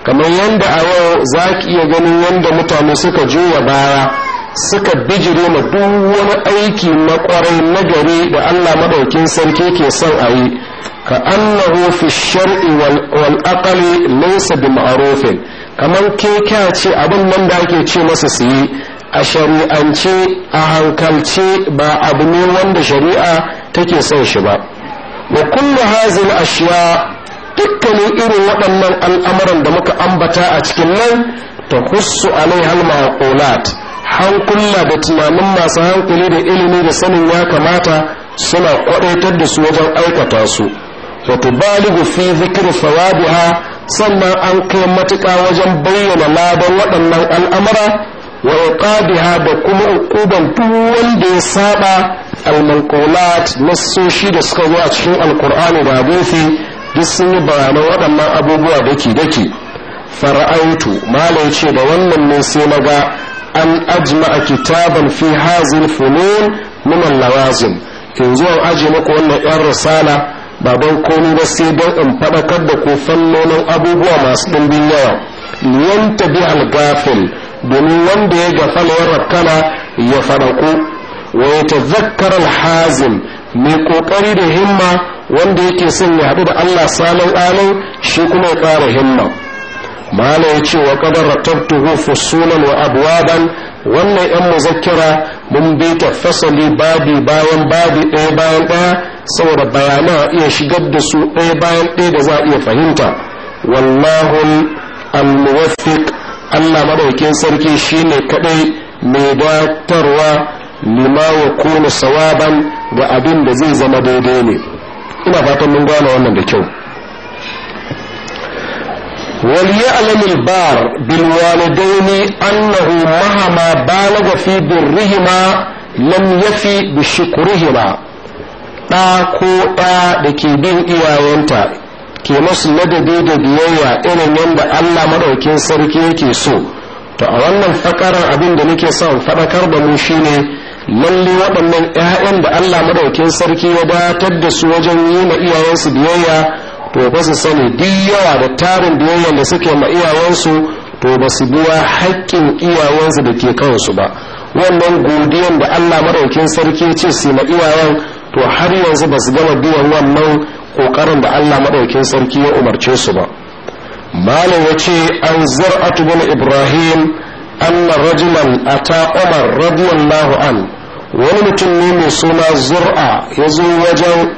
kamar yadda a yau zaki iya ganin yadda mutane suka juya baya suka bijire ma duk wani aiki na kwarai na gari da Allah madaukin sarki ke son a yi ka annahu fi shar'i wal aqli laysa bi ma'rufin kaman ke ce abin nan da ake ce masa su yi a shari'ance a hankalce ba abu ne wanda shari'a take son shi ba wa kullu hazil ashiya dukkanin irin waɗannan al'amuran da muka ambata a cikin nan ta hussu alaihal maqulat hankula da tunanin masu hankali da ilimi da sanin ya kamata suna kwadaitar da su wajen aikata su wato baligu fi zikir sawabiha sannan an kai matuƙa wajen bayyana ladan waɗannan al'amura wa iqabiha da kuma uquban duk wanda ya saba al-manqulat nassoshi da suka zo a cikin alqur'ani da hadisi duk sun yi bayanan waɗannan abubuwa dake dake fara'aitu malam ce da wannan ne sai na ga an ajma'a kitaban fi hazin funun minan lawazim yanzu an aje maka wannan yan risala ba don komai ba sai don in faɗakar da ko fannonin abubuwa masu ɗimbin yawa ta bi al-gafil domin wanda ya gafala ya rakkana ya faɗaku wa ya tazakkar hazim mai kokari da himma wanda yake son ya haɗu da Allah salon alai shi kuma ya ƙara himma mala ya ce wa kadar ratabtuhu fusulan wa abwaban wannan yan muzakkira mun bi ta fasali babi bayan babi ɗaya bayan ɗaya saboda bayana iya shigar da su ɗaya bayan ɗaya da za a iya fahimta wallahu al-muwaffiq Allah madaukin sarki shine kadai mai datarwa lima wa kuna sawaban da abin da zai zama daidai ne ina fatan mun gane wannan da kyau وليعلم البار بالوالدين أنه مهما بالغ في برهما لم يفي بشكرهما ɗa ko ɗa da ke bin iyayenta ke masu ladabi da biyayya irin yadda Allah maɗaukin sarki yake so to a wannan fakarar abin da nake son faɗakar da mu shine lalle waɗannan 'ya'yan da Allah maɗaukin sarki ya datar da su wajen yi ma iyayensu biyayya to ba su sani duk yawa da tarin biyayyar da suke ma iyayensu to ba su biya haƙƙin iyayensu da ke kansu ba wannan godiyan da allah maraukin sarki ce su ma iyayen to har yanzu ba su gama biyan wannan ƙoƙarin da allah maraukin sarki ya umarce su ba malam ya ce an zar'atu bin ibrahim anna rajulan ata umar radiyallahu an wani mutum ne mai suna zur'a ya zo wajen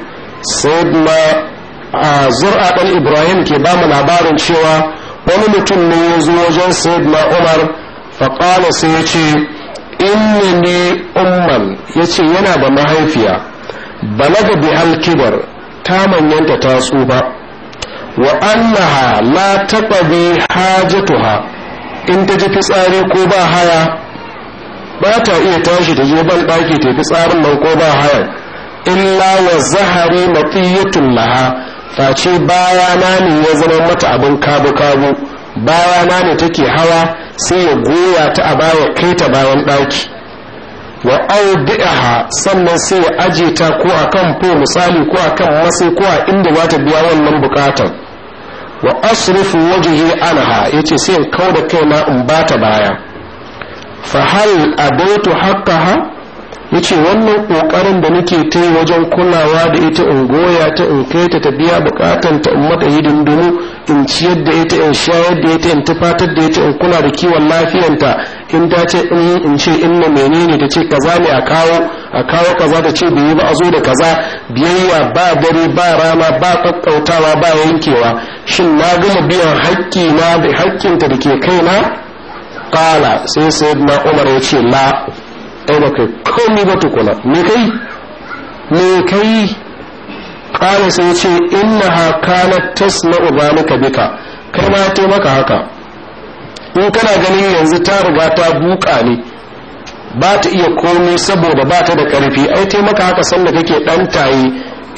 sayyidina a zur'a ɗan ibrahim ke ba mu labarin cewa wani mutum ne ya zo wajen na umar faƙala sai ya ce inni ne umman ya ce yana da mahaifiya balaga bi alkibar ta manyanta ta ba wa annaha la taqdi hajatuha in ta ji fitsari ko ba haya ba ta iya tashi da je ban ɗaki ta fi tsarin nan ko ba haya illa wa zahari matiyatun laha face bayana ne ya zama mata abin kabu-kabu bayana ne take hawa sai ya goya ta a baya kai ta bayan ɗaki wa audi'aha sannan sai ya aje ta ko kan fo misali ko a kan masai ko a inda za ta biya wannan bukatar wa asrufu wajhi anha yace sai in kauda kaina in bata baya fa hal abaitu haqqaha yace wannan kokarin da nake ta yi wajen kulawa da ita in goya ta in kai ta ta biya bukatan ta in mata hidindimu in ciyar da ita in shayar da ita in tufatar da ita in kula da kiwon lafiyanta in ta ce in in ce in menene ta ce kaza ne a kawo a kawo kaza ta ce bai yi ba a zo da kaza biyayya ba dare ba rana ba kakkautawa ba yankewa shin na gama biyan haƙƙi na da haƙƙinta da ke kaina kala sai sayyidina umar ya ce la ai ba kai komai ba tukuna me kai me kai kala sai ce na tas na ubanuka bika kai ma ta maka haka in kana ganin yanzu ta riga ta buka ne ba ta iya komai saboda ba ta da karfi ai ta maka haka sanda kake dan tayi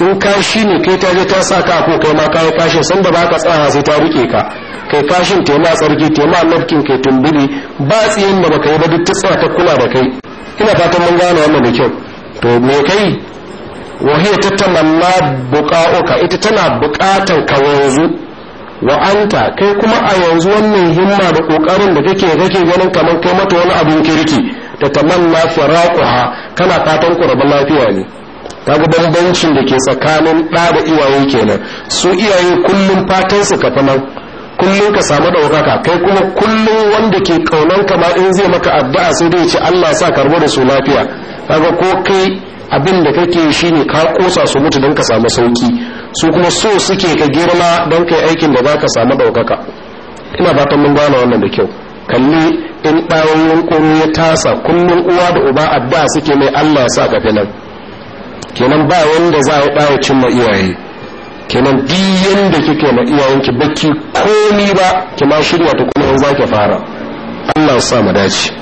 in kashi ne kai ta je ta sa ka ko kai ma ka yi kashin sanda ba ka tsaya sai ta rike ka kai kashin tema tsarki tema lafkin kai tumbili ba tsiyin da baka yi ba duk ta tsaya ta kula da kai ina fatan mun gane wannan da kyau to me kai wahiyar ta ma buƙa'uka ita tana buƙatar ka yanzu wa anta kai kuma a yanzu wannan himma da ƙoƙarin da kake kake ganin kamar kai mata wani abin kirki ta tamanna firaquha kana fatan ku rabu lafiya ne ga bambancin da ke tsakanin ɗa da iyaye kenan su iyaye kullum fatan su kafa nan kullum ka samu ɗaukaka kai kuma kullum wanda ke kaunan ka ma in zai maka addu'a sai dai ce Allah sa karbo da su lafiya kaga ko kai abin da kake shi ne ka kosa su mutu don ka samu sauki su kuma so suke ka girma don kai aikin da zaka ka samu ɗaukaka ina fatan mun gane wannan da kyau kalli in ɗawayen ƙoro ya tasa kullum uwa da uba addu'a suke mai Allah sa ka fi nan kenan ba wanda za a yi cimma iyaye kenan duk yanda kike ma iyayenki baki komi ba ki ma shirya ta kuma in zaki fara Allah ya sa mu dace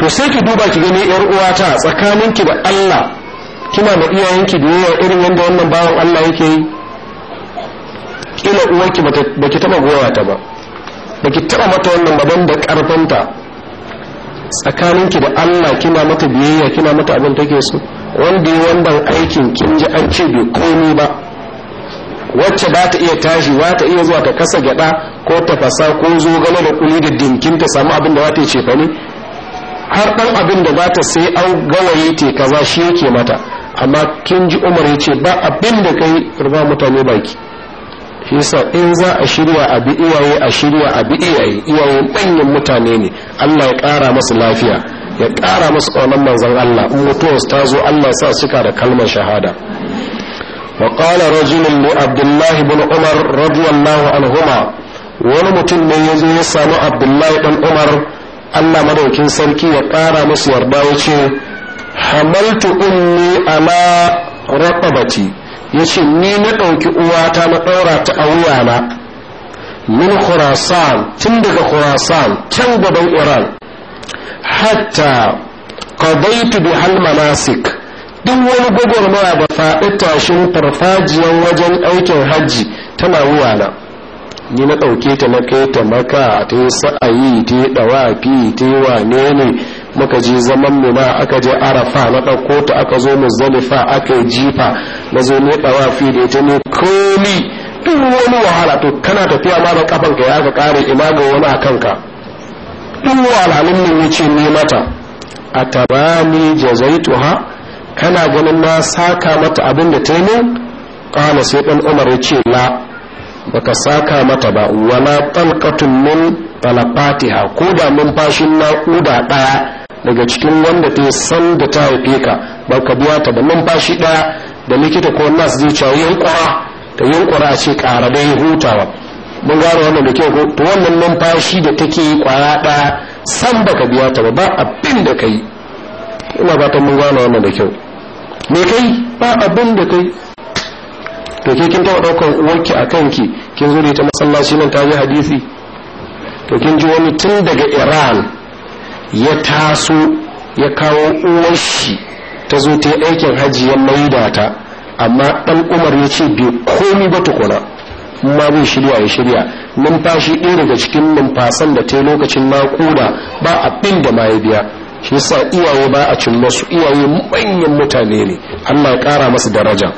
to sai ki duba ki gani yar uwata tsakaninki da Allah kina da iyayenki biyayya irin yanda wannan bawan Allah yake yi kila uwarki baki taba goya ta ba baki taba mata wannan madan da karfanta tsakaninki da Allah kina mata biyayya kina mata abin take so wanda yi wannan aikin kin ji an ce bai komi ba wacce ba ta iya tashi ba ta iya zuwa ta kasa gyada ko tafasa fasa ko zogale da kuli da dinkin ta samu abin da za ta yi har dan abin da za ta sai an gawaye te kaza shi yake mata amma kin ji umar ya ce ba abin da kai ruba mutane baki shi yasa in za a shirya a bi iyaye a shirya a bi iyaye iyaye manyan mutane ne Allah ya kara masu lafiya ya kara masu ƙaunar manzon Allah in mutuwarsu ta zo Allah sa suka da kalmar shahada وقال رجل لعبد الله بن عمر رضي الله عنهما wani mutum ne ya zo ya samu abdullahi dan umar allah madaukin sarki ya kara musu yarda ya ce hamaltu ummi ala raqabati ya ce ni na ɗauki uwata na ɗaura ta a wuyana min khurasan tun daga khurasan can gaban iran hatta qadaitu bi hal manasik duk wani gwagwarmaya da faɗi tashin farfajiyar wajen aikin hajji tana na. ni na ɗauke ta na kai ta maka ta yi sa'ayi ta yi fi ta yi wane ne muka je zaman mu na aka je arafa na ɗauko ta aka zo zalifa aka yi jifa na zo ne fi da ita ne komi duk wani wahala to kana tafiya ma da kafanka ya ka ƙare imamin wani a kanka duk wahalhalin ne wuce ne mata a tabani jazaituha kana ganin na saka mata abin da ta yi sai ɗan umar ya ce la baka saka mata ba wala talqatun min talaqatiha ko da na uda ɗaya daga cikin wanda ta san da ta haife ka baka ka biya ta mun numfashi ɗaya da likita ko nas zai ce yunkura ta yunkura a ce ƙara dai hutawa mun gane wannan da kyau to wannan numfashi da take yi ƙwaya san baka biya ta ba abin da ka yi ina ta mun gane wannan da kyau me kai ba abin da kai to ke kin taɓa ɗaukar uwarki a kanki kin zo da ita masallaci nan ta ji hadisi to kin ji wani tun daga iran ya taso ya kawo uwarshi ta zo ta yi aikin hajji ya maida ta amma ɗan umar ya ce bai komi ba tukuna ma bai shirya ya shirya numfashi ɗaya daga cikin numfasan da ta yi lokacin naƙuda ba abin da ma ya biya shi sa iyaye ba a cin masu iyaye manyan mutane ne Allah kara masu daraja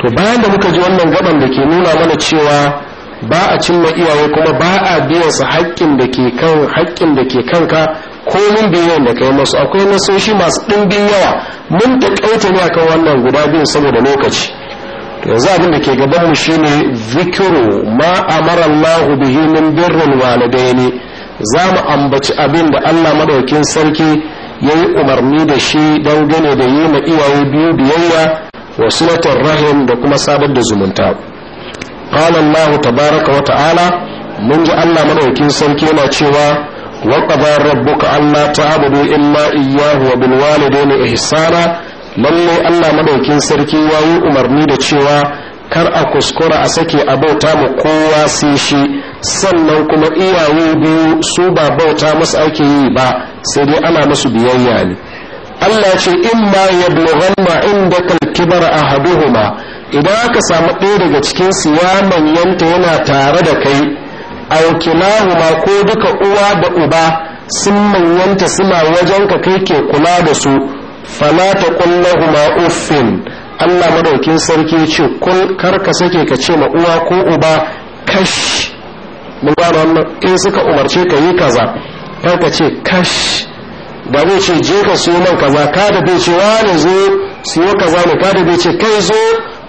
to bayan da muka ji wannan gaban da ke nuna mana cewa ba a cimma iyaye kuma ba a biyan su haƙƙin da ke kan haƙƙin da ke kanka komin biyan da kai masu akwai nasoshi masu ɗimbin yawa mun taƙaita ne akan wannan guda biyun saboda lokaci yanzu abin da ke gaban mu shine zikiru ma amara allahu bihi min birrul walidaini za mu ambaci abin da allah madaukin sarki ya yi umarni da shi dangane da yi ma iyaye biyu biyayya wa sulatar rahim da kuma sabar da zumunta قال الله تبارك وتعالى من جاء الله مدوكين سركي yana cewa وقضى ربك ألا تعبدوا إلا إياه وبالوالدين إحسانا lallai Allah madaukin sarki ya yi umarni da cewa kar a kuskura a sake a bauta mu kowa sai shi sannan kuma iyaye biyu su ba bauta musu ake yi ba sai dai ana musu biyayya ne Allah ce in ma ya indaka inda kalkibar ahaduhuma idan aka samu ɗaya daga cikin su ya manyanta yana tare da kai aw ko duka uwa da uba sun manyanta suna ka kai ke kula da su fala ta kullahuma uffin Allah madaukin sarki ce kun karka sake ka ce ma uwa ko uba kash mun gano wannan in suka umarce ka yi kaza karka ce kash da zai ce je ka siyo man kaza ka da bai ce wani zo siyo kaza ne ka da bai ce kai zo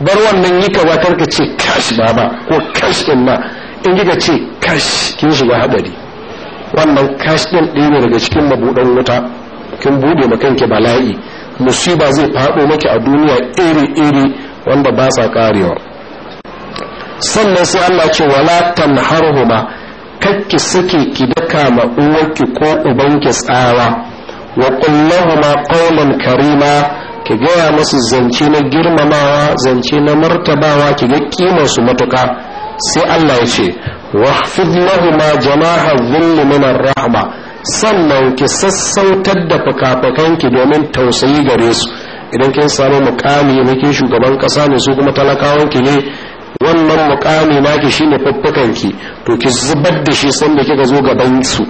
bar wannan yi kaza karka ce kash baba ko kash din ma in kika ce kash kin shiga hadari wannan kash din ɗaya ne daga cikin mabuɗan wuta kin buɗe ma kanki bala'i musiba zai faɗo maki a duniya iri-iri wanda ba sa karewa sannan sai Allah ce wala tanharhuma kakki suke ki daka ma uwarki ko ubanki tsawa wa kullahuma qawlan karima ki gaya musu zance na girmamawa zance na martabawa ki ga kimar su matuka sai Allah ya ce wahfid lahuma jama'a dhulli min rahma sannan ki sassautar da fuka domin tausayi gare su idan kin samu mukami na ke shugaban kasa ne su kuma talakawanki ne wannan mukami naki shine fuffukanki to ki zubar da shi sanda kika zo gaban su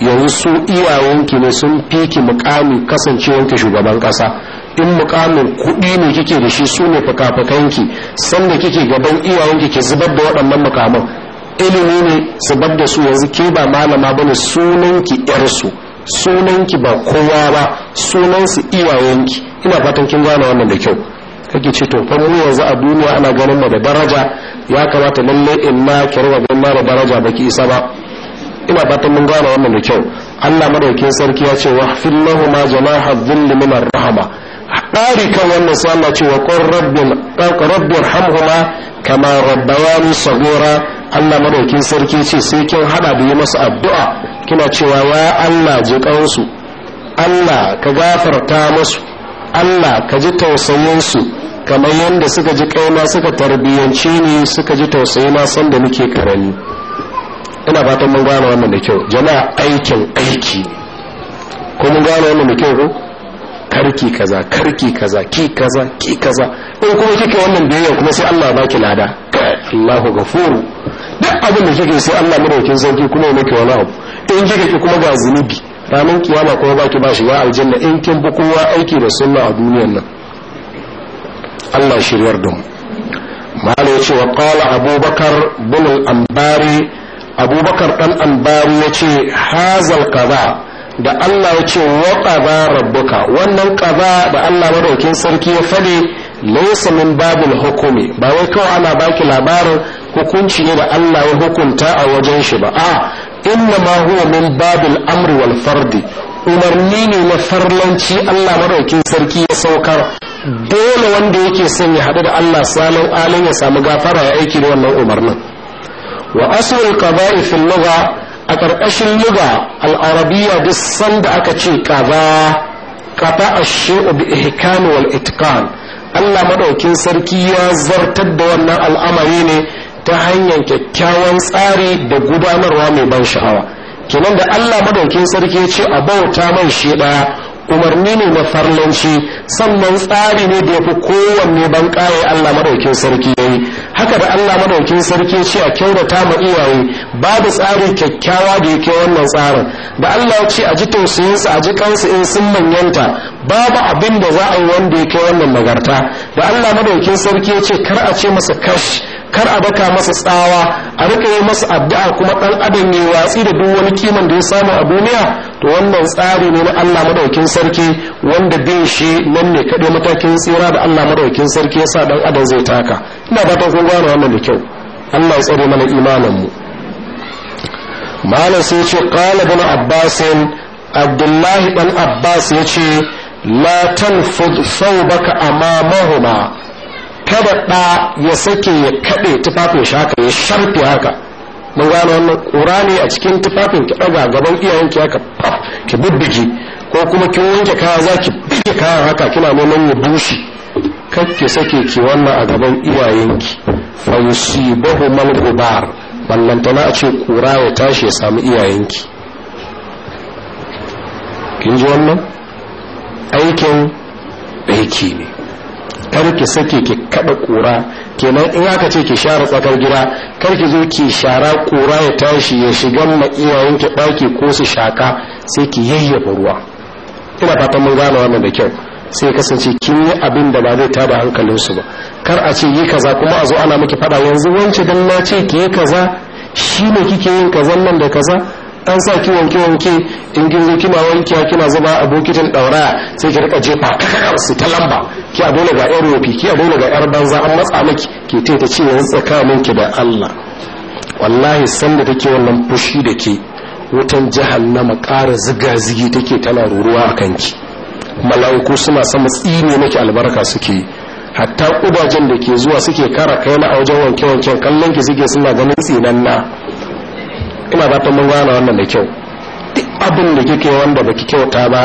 yanzu su iyayenki ne sun fi ki mukami kasancewanki shugaban kasa in mukamin kuɗi ne kike da shi su ne fuka sanda kike gaban iyayenki ki zubar da waɗannan mukaman ilimi ne su bar da su yanzu ke ba malama ba ne sunanki yarsu sunanki ba kowa ba sunansu iyayenki ina fatan kin gane wannan da kyau kake ce to fa mu yanzu a duniya ana ganin mu da daraja ya kamata lalle in ma ki rawa ganin ma da daraja baki isa ba ina fatan mun gane wannan da kyau Allah madaukakin sarki ya ce wa fillahu ma jalaha dhulli min rahma dari kan wannan sai Allah ce wa qur rabbil rabbil hamhuma kama rabbayani saghira Allah madaukin sarki ce sai kin hada da yi masu addu'a kina cewa ya Allah ji kansu Allah ka gafarta musu Allah ka ji tausayinsu kamar yadda suka ji kaina suka tarbiyyance ni suka ji tausayina sanda muke karami ina fatan mun gane wannan da kyau jama'a aikin aiki ko mun gane wannan da kyau ko karki kaza karki kaza ki kaza ki kaza in kuma kike wannan biyayya kuma sai Allah ya baki lada Allahu ghafuru duk abin da kike sai Allah madaukin sarki kuma ya maka wani abu in kike ki kuma ga zunubi ranar kiyama kuma baki ba shi ya aljanna in kin bi kowa aiki da sunna a duniyar nan Allah shiryar da mu malai yace wa qala abubakar bin al-ambari abubakar dan ambari yace hazal kaza da Allah ya ce wa ƙaza rabbuka wannan kaza da Allah madaukin sarki ya fade laisa min babul hukumi ba wai kawai ana baki labarin hukunci ne da Allah ya hukunta a wajen shi ba a inna ma huwa min babul amri wal fardi umarni ne na farlanci Allah maraukin sarki ya saukar dole wanda yake son ya haɗu da Allah salon alin ya samu gafara ya aiki da wannan umarnin wa asul qada'i fil lugha a ƙarƙashin lugha al-arabiyya duk sanda aka ce qada qata ash-shay'u bi ihkam wal itqan allah maɗaukin sarki ya zartar da wannan al'amari ne ta hanyar kyakkyawan tsari da gudanarwa mai ban sha'awa kenan da allah maɗaukin sarki ya ce a bauta man shi ɗaya umarni ne na farlanci sannan tsari ne da ya fi kowanne ban ƙaye allah maɗaukin sarki ya yi haka da allah maɗaukin sarki ya ce a kyautata ma iyaye babu tsari kyakkyawa da yake wannan tsarin da allah ya ce a ji tausayinsa a ji kansu in sun manyanta babu abin da za a yi wanda ya kai wannan nagarta da allah maɗaukin sarki ya ce kar a ce masa kash kar a daka masa tsawa a rika yi masa addu'a kuma dan adam ya watsi da duk wani kiman da ya samu a duniya to wannan tsari ne na Allah madaukin sarki wanda bin shi nan ne kaɗai matakin tsira da Allah madaukin sarki ya sa dan adam zai taka ina fatan kun gane wannan da kyau Allah ya tsare mana imanin mu malam sai ce qala ibn abbas abdullahi dan abbas yace la tanfud thawbaka amamahuma kada ɗa ya sake ya kaɗe tufafin shi ya sharfe haka mun gano wannan ƙura ne a cikin tufafin ki ɗaga gaban iyayen haka ki bubbuge ko kuma kin wanke kaya za ki buge kayan haka kina neman ya bushe kar ki sake ki wannan a gaban iyayenki fa yusibahu mal gubar ballantana a ce ƙura ya tashi ya samu iyayenki kin ji wannan aikin aiki ne kar ki sake ki kada kura kenan in aka ce ki share tsakar gida kar ki zo ki shara kura ya tashi ya shiga ma iyayen ki daki ko su shaka sai ki yayyafa ruwa ina fatan mun gane wannan da kyau sai kasance kin yi abin da ba zai tada hankalin su ba kar a ce yi kaza kuma a zo ana miki fada yanzu wance dan na ce ki yi kaza shi ne kike yin kazan nan da kaza an sa ki wanke wanke in kin zo kina wanke kina zuba a bokitin daura sai ki rika jefa su ta lamba ki a dole ga yar wofi ki a dole ga yar banza an matsa miki ki ta ta ce yanzu tsakanin ki da Allah wallahi san da take wannan fushi da ke wutan jahannama ƙara ziga zigi take tana ruruwa a kanki mala'iku suna sama tsine miki albarka suke yi hatta kudajen da ke zuwa suke kara kai na a wajen wanke-wanken kallon ki suke suna ganin tsinanna. ina fatan mun gane wannan da kyau duk abin da kike wanda baki kyauta ba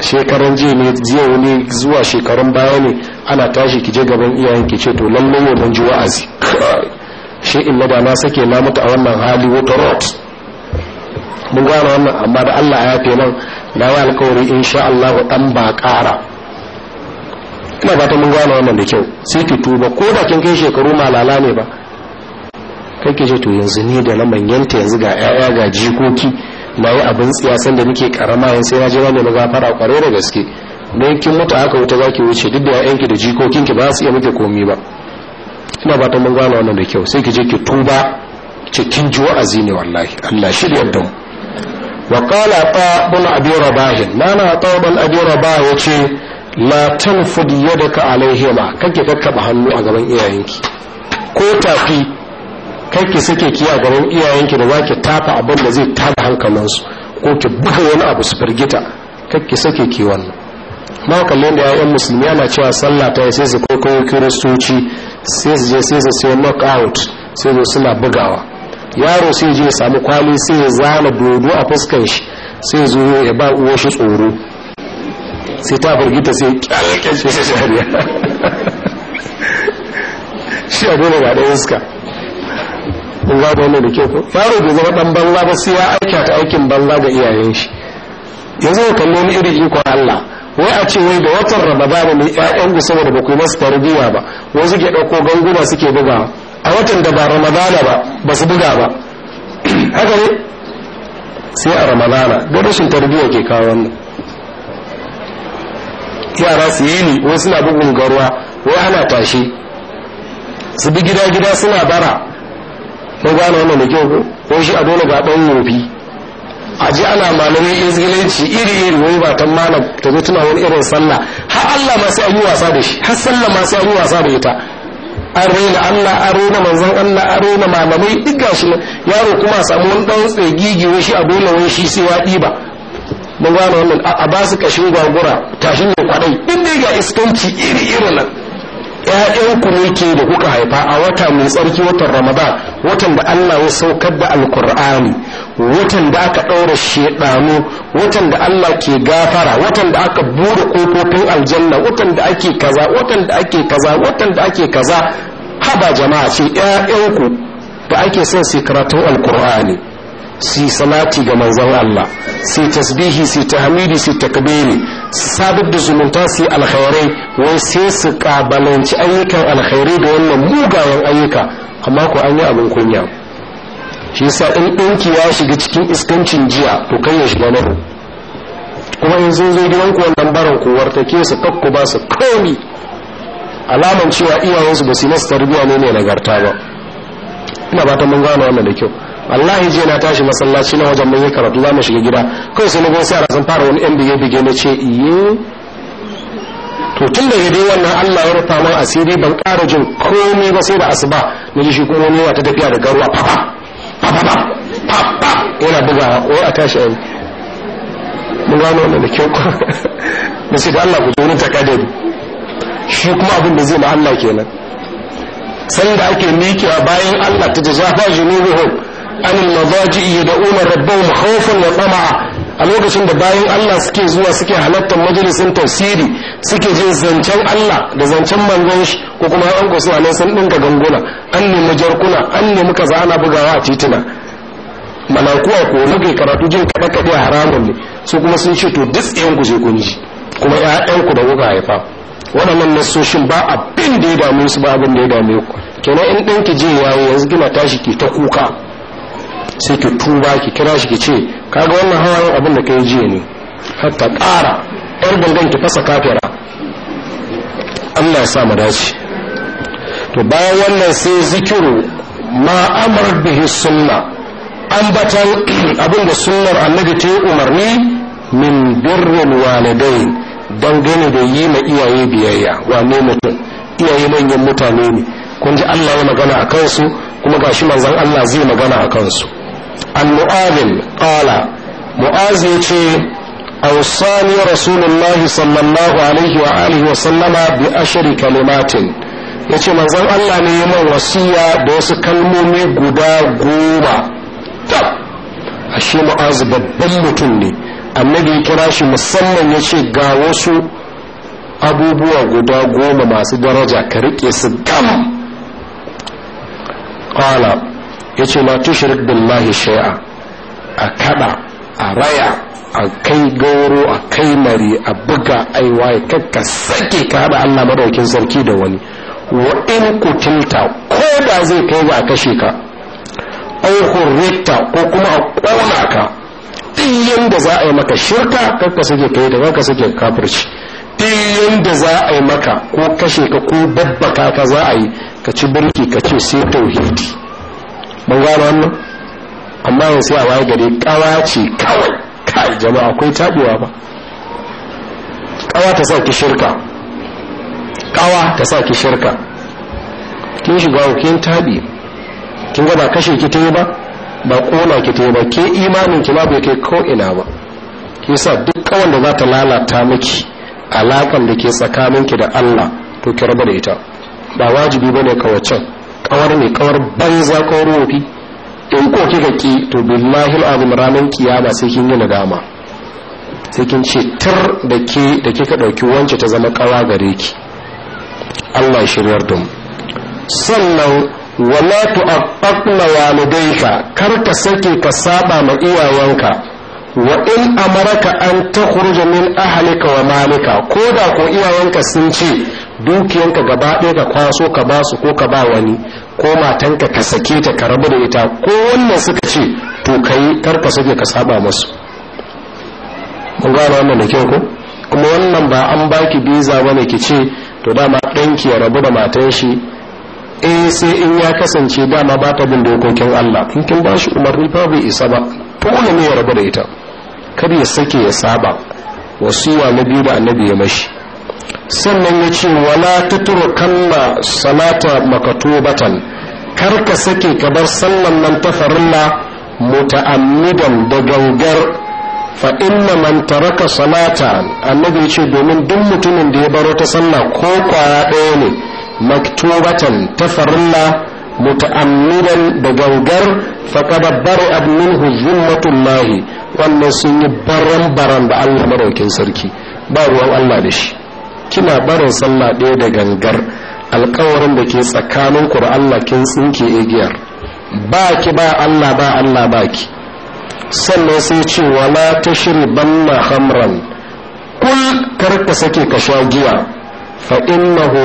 shekaran ji ne jiya ne zuwa shekarun baya ne ana tashi ki je gaban iyayen ki ce to lalle ne mun ji wa'azi shi in da na sake na mutu a wannan hali wata rot mun gwana wannan amma da Allah ya yafe nan na yi alkawari insha Allah dan ba ƙara ina ta mun gwana wannan da kyau sai ki tuba ko da kin kai shekaru malala ne ba kake je to yanzu ni da na manyanta yanzu ga yaya ga jikoki na yi abin tsiyasan da muke karama yanzu sai na je wani magafara kware kwarai da gaske don kin mutu aka wuta za ki wuce duk da yayanki da jikokinki ba su iya muke komi ba ina ba ta mun gane wannan da kyau sai ki je ki tuba cikin ji wa'azi ne wallahi Allah shi da yadda mu wa qala ta bin abi rabah na ta bun abi rabah yace la tanfud yadaka alaihima kake kakkaba hannu a gaban iyayenki ko tafi kar ki sake ki a gaban iyayenki da zaki tafa abin da zai tada hankalinsu ko ki buga wani abu su firgita kar ki sake ki wannan ma kallon da yayan musulmi ana cewa sallah ta sai su kwaikwayo kiristoci sai su je sai su sai out sai su suna bugawa yaro sai je samu kwali sai ya zana dodo a fuskar shi sai zo ya ba uwar shi tsoro sai ta firgita sai kyalkyar shi sai shari'a shi abu ne ga da iska in ga wani da ke ko yaro bai zama dan banza ba sai ya aika ta aikin banza ga iyayen shi yanzu ka kalli wani irin ikon Allah wai a ce wai da watan Ramadan ne ƴaƴan ku saboda ba ku masu tarbiyya ba wai suke dauko ganguna suke buga a watan da ba Ramadan ba ba su buga ba haka ne sai a Ramadan da rashin tarbiyya ke kawo wannan yara su yi ni wai suna bugun garuwa wai ana tashi su bi gida gida suna bara ko gane wannan da kyau ko shi a dole ga ɗan yofi a ji ana malamai izgilanci iri iri wai ba ta malam ta zo tuna wani irin sallah har Allah ma sai an yi wasa da shi har sallah ma sai an yi wasa da ita an raina Allah an raina manzon Allah an raina malamai duk gashi yaro kuma samu wani ɗan tsegigi wai shi a dole wai shi sai waɗi ba mun gane wannan a ba su kashin gwagura tashin da kwaɗai inda ga iskanci iri iri nan ƴaƴanku ne ke da kuka haifa a wata mai tsarki watan ramadan watan da allah ya saukar da alkur'ani watan da aka ɗaura shaɗanu watan da allah ke gafara watan da aka buɗe ƙofofin aljanna watan da ake kaza watan da ake kaza watan da ake kaza haba jama'a ce ƴaƴanku da ake son su karatun alkur'ani su salati ga manzon Allah su tasbihi su tahmidi su takbiri su sabida da zumunta su alkhairai wai sai su kabalanci ayyukan alkhairai da wannan mugayen ayyuka amma ko an yi abin kunya shi yasa in ɗinki ya shiga cikin iskancin jiya to kai ya shiga nan kuma in zo zo ku wannan baran ku wartake su takku ba su komi alaman cewa iyayensu ba su yi masu tarbiyya ne nagarta ba ina ba ta mun gane wannan da kyau wallahi jiya na tashi masallaci na wajen mun yi karatu za mu shiga gida kai sai na sai yara sun fara wani yan bige bige na ce iye to tun da dai wannan Allah ya rufa min asiri ban ƙara jin komai ba sai da asuba na ji shi kuma wani ta tafiya da garuwa papa papa papa yana buga ko a tashi ai mun gano wannan da kyau ko na sai da Allah ku zo ni takaddari shi kuma abin da zai ma Allah kenan da ake mikewa bayan Allah ta jazafa junubuhum an al-mazaji yad'una rabbahum khawfan wa tama'a a lokacin da bayan Allah suke zuwa suke halartar majalisin tafsiri suke jin zancen Allah da zancen manzon shi ko kuma an ko suna sun dinka ganguna an nemi jarkuna an nemi kaza ana bugawa a titina malakuwa ko muke karatu jin kada kada haramun ne su kuma sun ce to duk ɗayan ku je kun ji kuma ƴaƴan ku da kuka haifa waɗannan nasoshin ba abin da ya dame su ba abin da ya dame ku kenan in ɗanki je yawo yanzu kina tashi ki ta kuka sai ki tuba ki kira shi ki ce kaga wannan hawayen abin da kai jiya ne hatta ƙara yar gangan ki fasa kafira Allah ya sa mu dace to bayan wannan sai zikiru ma amar bihi sunna ambatan abin da sunnar annabi ta umarni min birrin walidai dangane da yi ma iyaye biyayya ne mutum iyaye manyan mutane ne kun ji Allah ya magana a kansu kuma ga gashi manzon Allah zai magana a kansu al-mu'adhin qala mu'az yace awsani rasulullahi sallallahu alaihi wa alihi wa sallama bi ashri kalimatin yace manzon Allah ne ya man wasiya da wasu kalmomi guda goma ashe Mu'azi babban mutum ne annabi kira shi musamman yace ga wasu abubuwa guda goma masu daraja ka rike su gama qala yace la tushrik billahi shay'a a kada a raya a kai gauro a kai mari a buga aiwa ya kakka sake ka haɗa Allah madaukin sarki da wani wa in kutilta ko da zai kai ba a kashe ka au hurrita ko kuma a ƙona ka duk yanda za a yi maka shirka kakka sake kai da kakka sake kafirci duk da za a yi maka ko kashe ka ko babbaka ka za a yi ka ci birki ka ce sai tauhidi ban gano wannan amma yanzu sai a waye gare kawa ce kawai kai jama'a akwai tabuwa ba kawa ta sa ki shirka kawa ta sa ki shirka kin shiga kin tabi kin ga ba kashe ki tayi ba ba kona ki tayi ba ke imanin ki ma bai kai ko ina ba sa duk kawan da za ta lalata miki alaƙan da ke tsakanin ki da Allah to ki raba da ita ba wajibi bane kawacin kawar ne kawar banza kawar wofi in ko kika ki to billahi alazim ranar kiyama sai kin yi nadama sai kin ce tar da ke da kika dauki wance ta zama kawa gare ki Allah ya shiryar da mu sannan wala tu'aqqa walidayka kar ka sake ka saba ma iyayenka wa in amaraka an takhruja min ahlika wa malika ko da ko iyayenka sun ce dukiyanka gaba ɗaya ka kwaso ka ba su ko ka ba wani ko matanka ka sake ta ka rabu da ita ko wannan suka ce to kai kar ka sake ka saba musu mun gane wannan da kyau ko kuma wannan ba an baki biza bane ki ce to dama ɗanki ya rabu da matan shi eh sai in ya kasance dama ba ta bin dokokin Allah kin kin ba shi umarni fa bai isa ba wani ne ya rabu da ita kar ya sake ya saba wasuwa na biyu da annabi ya mashi sannan ya ce wala tutrukanna salata makatubatan kar ka sake ka bar sallan nan ta farilla muta'ammidan da gangar fa inna man taraka salata annabi ya ce domin duk mutumin da ya baro ta sallah ko kwaya ɗaya ne maktubatan ta farilla muta'ammidan da gangar faqad bari'a minhu zimmatullah wannan sun yi baran baran da Allah madaukin sarki ba ruwan Allah da shi kina barin sallah ɗaya da gangar alkawarin da ke tsakanin ku da Allah kin tsinke igiyar ba ki ba Allah ba Allah ba ki sannan sai ce wala tashribanna khamran kul ka sake ka sha giya fa innahu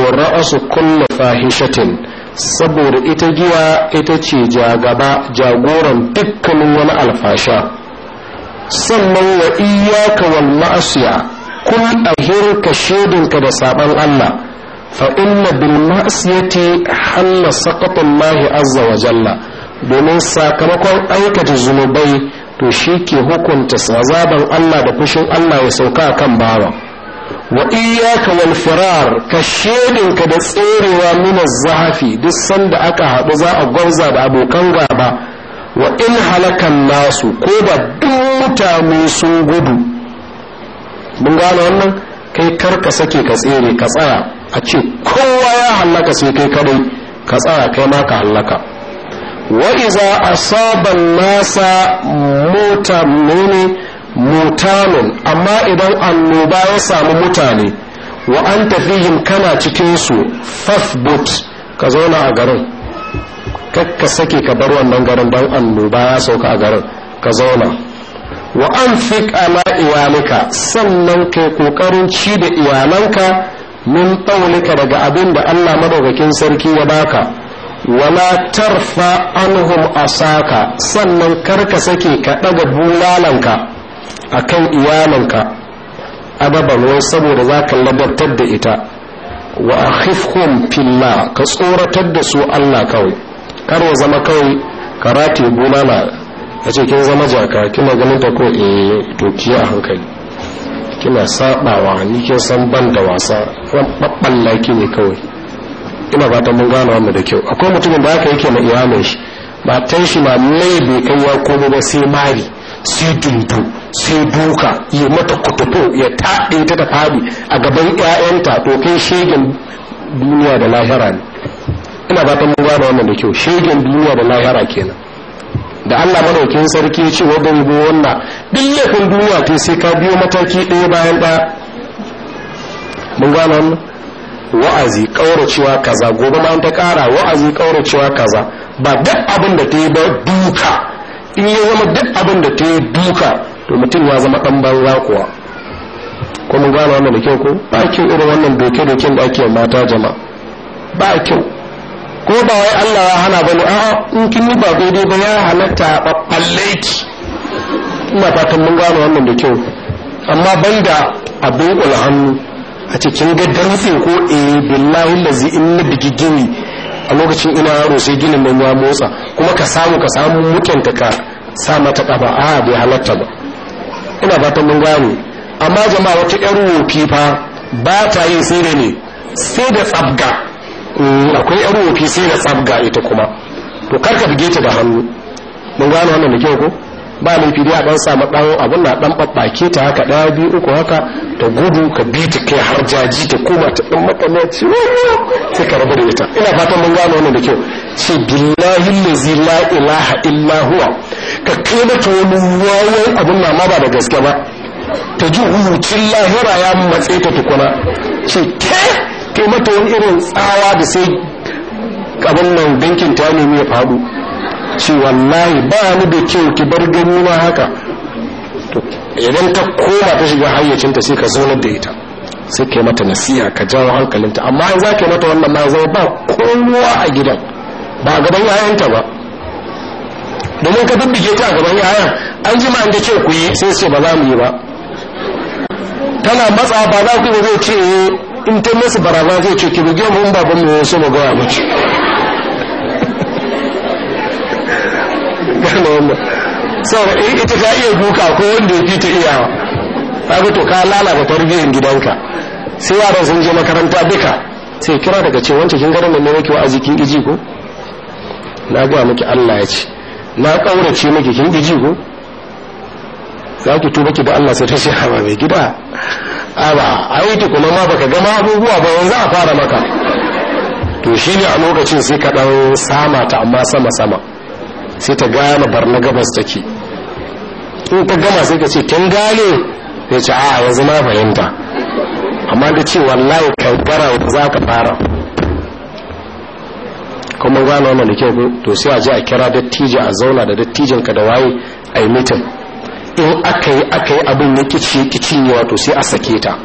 su kulle fahishatin saboda ita giya ita ce jagaba jagoran dukkanin wani alfasha sannan wa iyaka wal ma'asiya kun shaidinka da saban Allah fa inna bil ma'asiyati halla saqatan Allah azza wa jalla domin sakamakon aikata zunubai to shi ke hukunta sazaban Allah da fushin Allah ya sauka kan bawa wa iyaka wal firar ka shedinka da tserewa min zahafi duk sanda aka haɗu za a gwauza da abokan gaba wa in halakan nasu ko ba duk mutane sun gudu mun gano wannan kai kar ka sake ka tsere ka tsaya a ce kowa ya hallaka sai kai kadai ka tsaya kai ma ka hallaka wa iza asaba nasa mota mene mutanen amma idan annoba ya samu mutane wa an tafihim kana cikinsu fafbut ka zauna a garin kakka sake ka bar wannan garin don annoba ya sauka a garin ka zauna wa an ala iyalika sannan kai kokarin ci da iyalanka min taulika daga abin da allah madaukakin sarki ya baka wala tarfa anhum asaka sannan karka sake ka ɗaga bulalanka a kan iyalanka adaban wai saboda za ka ladabtar da ita wa akhifhum fillah ka tsoratar da su Allah kawai kar wa zama kawai karate bulala a ce kin zama jaka kina ganin ta ko eh to a hankali kina sabawa ni kin san ban da wasa ran babban laki ne kawai ina ba mun gane wannan da kyau akwai mutumin da haka yake ma iyalan shi ba tan shi ma mai bai kai ya komo ba sai mari sai dundu sai duka ya mata kutufo ya taɗe ta da fadi a gaban 'ya'yanta to kai shegen duniya da lahira ne ina ba ta mun gane wannan da kyau shegen duniya da lahira kenan da Allah madaukin sarki ya ce wa ban go wannan duk laifin duniya ta sai ka biyo mataki ɗaya bayan ɗaya mun gane wannan wa'azi cewa kaza gobe ma ta kara wa'azi cewa kaza ba duk abin da ta yi ba duka in ya zama duk abin da ta yi duka to mutum ya zama ɗan banza kuwa ko mun gano wannan da kyau ko ba kyau irin wannan doke doken da ake mata jama ba kyau ko ba wai Allah ya hana bane a in kin yi ba daidai ba ya halatta babballe ki ina fatan mun gano wannan da kyau amma banda abin hannu a cikin ga dantse ko eh billahi lazi in na bigigini a lokacin ina yaro sai ginin nan ya motsa kuma ka samu ka samu mutanta ka sa mata kafa a bai halatta ba ina fatan mun gane amma jama'a wata yar wofi fa ba ta yin sai da ne sai da tsabga mm, akwai yar wofi sai da tsabga ita kuma to karka bige ta da hannu mun gane wannan da kyau ko ba laifi a dan samu dan abun na dan babbake ta haka daya biyu uku haka ta gudu ka bi ta kai har jaji ta koma ta dan makamaci sai ka rabu da ita ina fatan mun gano wannan da kyau ce billahi lazi la ilaha illa huwa ka kai mata wani wawan abun na ma ba da gaske ba ta ji hucin lahira ya matse ta tukuna ce ke kai mata wani irin tsawa da sai abin nan dinkin ta nemi ya faɗo ce wallahi ba ni da kyau ki bar gani ma haka to idan ta koma ta shiga hayyacinta sai ka zaunar da ita sai ka yi mata nasiha ka jawo hankalinta amma in za ka yi mata wannan ma zama ba kowa a gidan ba a gaban yayanta ba domin ka bibbige ta a gaban yayan an ji ma an ce ku yi sai ce ba za mu yi ba tana matsa ba za ku yi zai ce eh, in ta masu barazana zai ce ki buge mu in baban mu wasu mu gawa mace gane wannan sau ita ka iya duka ko wanda ya fi ta iyawa kaga to ka lalata tarbiyyar gidanka sai yaran sun je makaranta duka sai kira daga ce wancan kin garin da ne yake wa'azi kin iji ko na ga miki Allah ya ce na kaurace miki kin iji ko za ki tuba ki da Allah sai ta ce hawa mai gida a ah, ba ai ta kuma ma baka gama abubuwa ba yanzu a fara maka to shine a lokacin sai ka dan sama ta amma sama sama sai ta gane barna gabas take in ta gama sai ka ce kin gane ya ce a yanzu na fahimta amma da ce wallahi kai gara za ka fara kuma gane wannan da kyau to sai a je a kira dattijo a zauna da ka da waye a yi mitin in aka yi aka yi abin ya kici kici wato sai a sake ta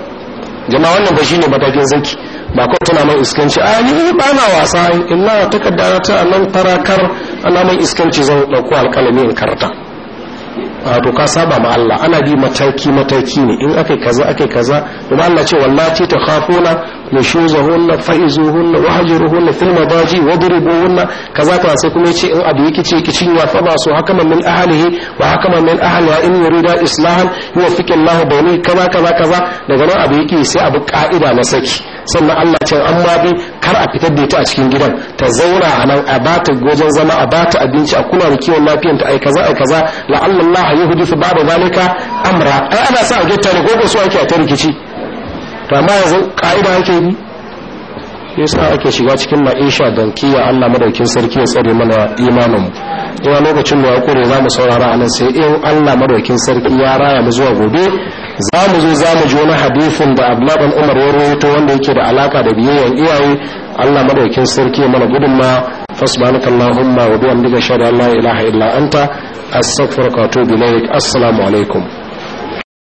jama'a wannan ba shine matakin zaki ba kawai tana mai iskanci a yi ba na wasa illa ta takarda ta nan farakar ana mai iskanci zan dauko alƙalami in karta to ka saba ma Allah ana bi mataki mataki ne in akai kaza akai kaza kuma Allah ce wallahi ta khafuna nushuzahunna fa'izuhunna wahjuruhunna fil madaji wadribuhunna kaza ta sai kuma yace in abu yake ce kicin ya fa ba su hakaman min ahlihi wa hakaman min ahliha in yurida islahan yuwaffiqu Allah bainahu kaza kaza kaza daga nan abu yake sai abu ka'ida na saki sannan Allah ce an ma bi kar a fitar da ita a cikin gidan ta zauna a nan a bata wajen zama a bata abinci a kula da kiwon lafiyar ta ai kaza ai kaza la Allah ya su babu zalika amra ai ana sa a getta ne ko ko ake a ta rikici to amma yanzu ka'ida yake bi yasa ake shiga cikin ma'isha don kiya Allah madaukin sarki ya tsare mana imanin ina lokacin da ya kore zamu saurara anan sai in Allah madaukin sarki ya raya mu zuwa gobe zamu zo zamu ji wani hadisin da Abdullah bin Umar ya rawaito wanda yake da alaka da biyayyan iyaye Allah madaukin sarki ya mana gudunma fasbanaka Allahumma wa bihamdika shada la ilaha illa anta astaghfiruka wa atubu ilaik assalamu alaikum